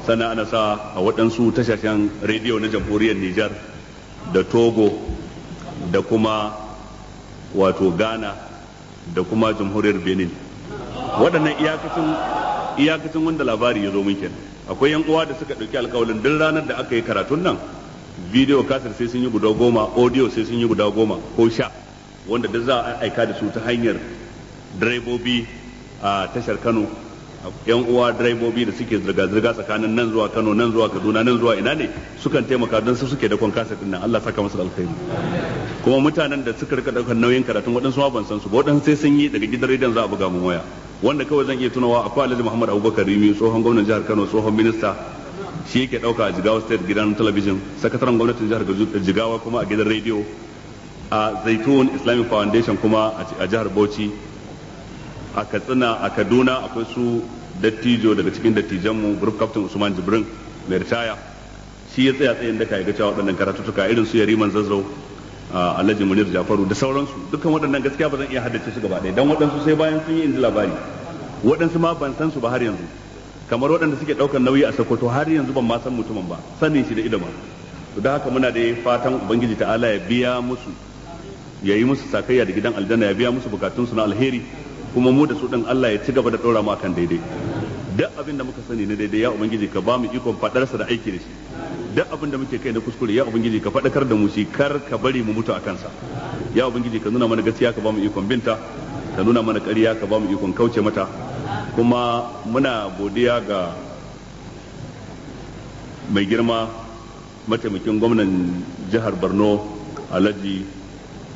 sannan ana sa a waɗansu tashashen rediyo na jamhuriyar Nijar da Togo da kuma wato Ghana da kuma jamhuriyar Benin waɗannan iyakacin iyakacin wanda labari ya zo min akwai yan uwa da suka ɗauki alkawalin duk ranar da aka yi karatun nan bidiyo kasar sai sun yi guda goma audio sai sun yi guda goma ko sha wanda duk za a aika da su ta hanyar direbobi a tashar Kano yan uwa direbobi da suke zirga-zirga tsakanin nan zuwa Kano nan zuwa Kaduna nan zuwa ina ne sukan taimaka don su suke da kwankasa din nan Allah saka masu alkhairi kuma mutanen da suka rika daukar nauyin karatun waɗansu ma ban san su ba waɗansu sai sun yi daga gidan rediyon za a buga mu waya wanda kawai zan iya tunawa akwai Alhaji Muhammad Abubakar Rimi tsohon gwamnan jihar Kano tsohon minista shi yake ɗauka a Jigawa State gidan talabijin sakataren gwamnatin jihar Jigawa kuma a gidan rediyo a Zaitun Islamic Foundation kuma a jihar Bauchi a katsina a kaduna akwai su dattijo daga cikin dattijanmu group captain usman jibrin mai ritaya shi ya tsaya tsayin daka ya ga cewa waɗannan karatuttuka irin su yariman zazzau alhaji munir jafaru da sauransu dukkan waɗannan gaskiya ba zan iya haddace su gaba ɗaya dan waɗansu sai bayan sun yi inji labari waɗansu ma ban san su ba har yanzu kamar waɗanda suke ɗaukar nauyi a sokoto har yanzu ban ma san mutumin ba sanin shi da ido ba haka muna da fatan ubangiji ta'ala ya biya musu ya yi musu sakayya da gidan aljanna ya biya musu bukatunsu na alheri kuma mu da su ɗan Allah ya ci gaba da ɗora mu akan daidai duk abin da muka sani na daidai ya ubangiji ka ba mu ikon faɗarsa da aiki da shi duk abin da muke kai na kuskure ya ubangiji ka faɗakar da mu shi kar ka bari mu mutu a kansa ya ubangiji ka nuna mana gaskiya ka ba mu ikon binta ka nuna mana ƙarya ka ba mu ikon kauce mata kuma muna godiya ga mai girma mataimakin gwamnan jihar borno alhaji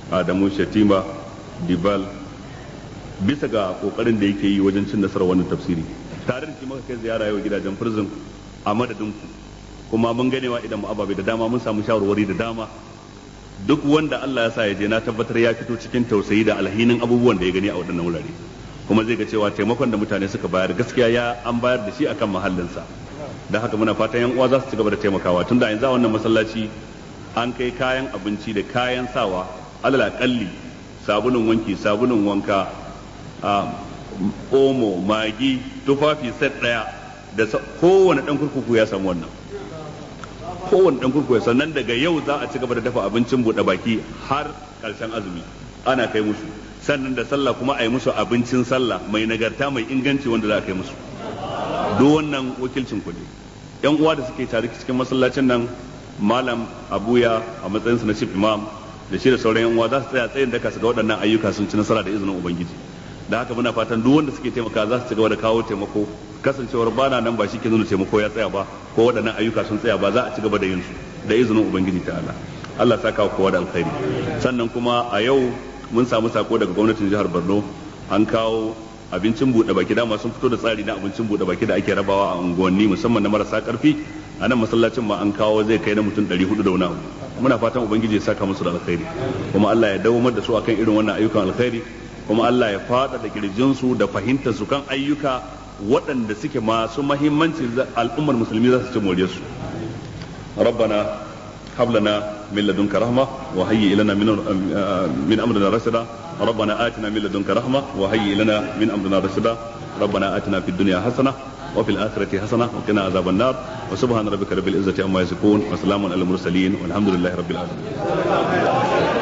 adamu shatima dibal bisa ga kokarin da yake yi wajen cin nasarar wannan tafsiri tare da shi muka kai ziyara yau gidajen prison a madadin ku kuma mun ganewa idan mu ababe da dama mun samu shawarwari da dama duk wanda Allah ya sa ya je na tabbatar ya fito cikin tausayi da alhinin abubuwan da ya gani a waɗannan wurare kuma zai ga cewa taimakon da mutane suka bayar gaskiya ya an bayar da shi akan mahallinsa da haka muna fatan yan uwa za su ci gaba da taimakawa tunda yanzu a wannan masallaci an kai kayan abinci da kayan sawa alal sabulun wanki sabulun wanka omo magi tufafi set daya da kowane dan kurkuku ya samu wannan kowane dan kurkuku sannan daga yau za a ci gaba da dafa abincin buɗe baki har karshen azumi ana kai musu sannan da sallah kuma a yi musu abincin sallah mai nagarta mai inganci wanda za a kai musu duk wannan wakilcin kuɗi yan uwa da suke tare cikin masallacin nan malam abuya a matsayinsa na chief imam da shi da sauran yan uwa za su tsaya tsayin daka su ga waɗannan ayyuka sun ci nasara da izinin ubangiji da haka muna fatan duk wanda suke taimaka za su ci gaba da kawo taimako kasancewar bana nan ba shi ke nuna taimako ya tsaya ba ko waɗannan ayyuka sun tsaya ba za a ci gaba da yin su da izinin ubangiji ta'ala Allah ta kawo kowa da alkhairi sannan kuma a yau mun samu sako daga gwamnatin jihar Borno an kawo abincin buɗe baki dama sun fito da tsari na abincin buɗe baki da ake rabawa a unguwanni musamman na marasa karfi a nan masallacin ma an kawo zai kai na mutum 400 da wani abu muna fatan ubangiji ya saka musu da alkhairi kuma Allah ya dawo da su akan irin wannan ayyukan alkhairi kuma Allah ya fada da su da fahimtar su kan ayyuka waɗanda suke masu mahimmanci al'ummar musulmi za su ci more su rabbana hablana min ladunka rahma wa hayyi ilana min min amrina rashida rabbana min ladunka rahma wa hayyi ilana min amrina rashida rabbana dunya hasana وفي الآخرة حسنة وقنا عذاب النار وسبحان ربك رب العزة عما يصفون وسلام على المرسلين والحمد لله رب العالمين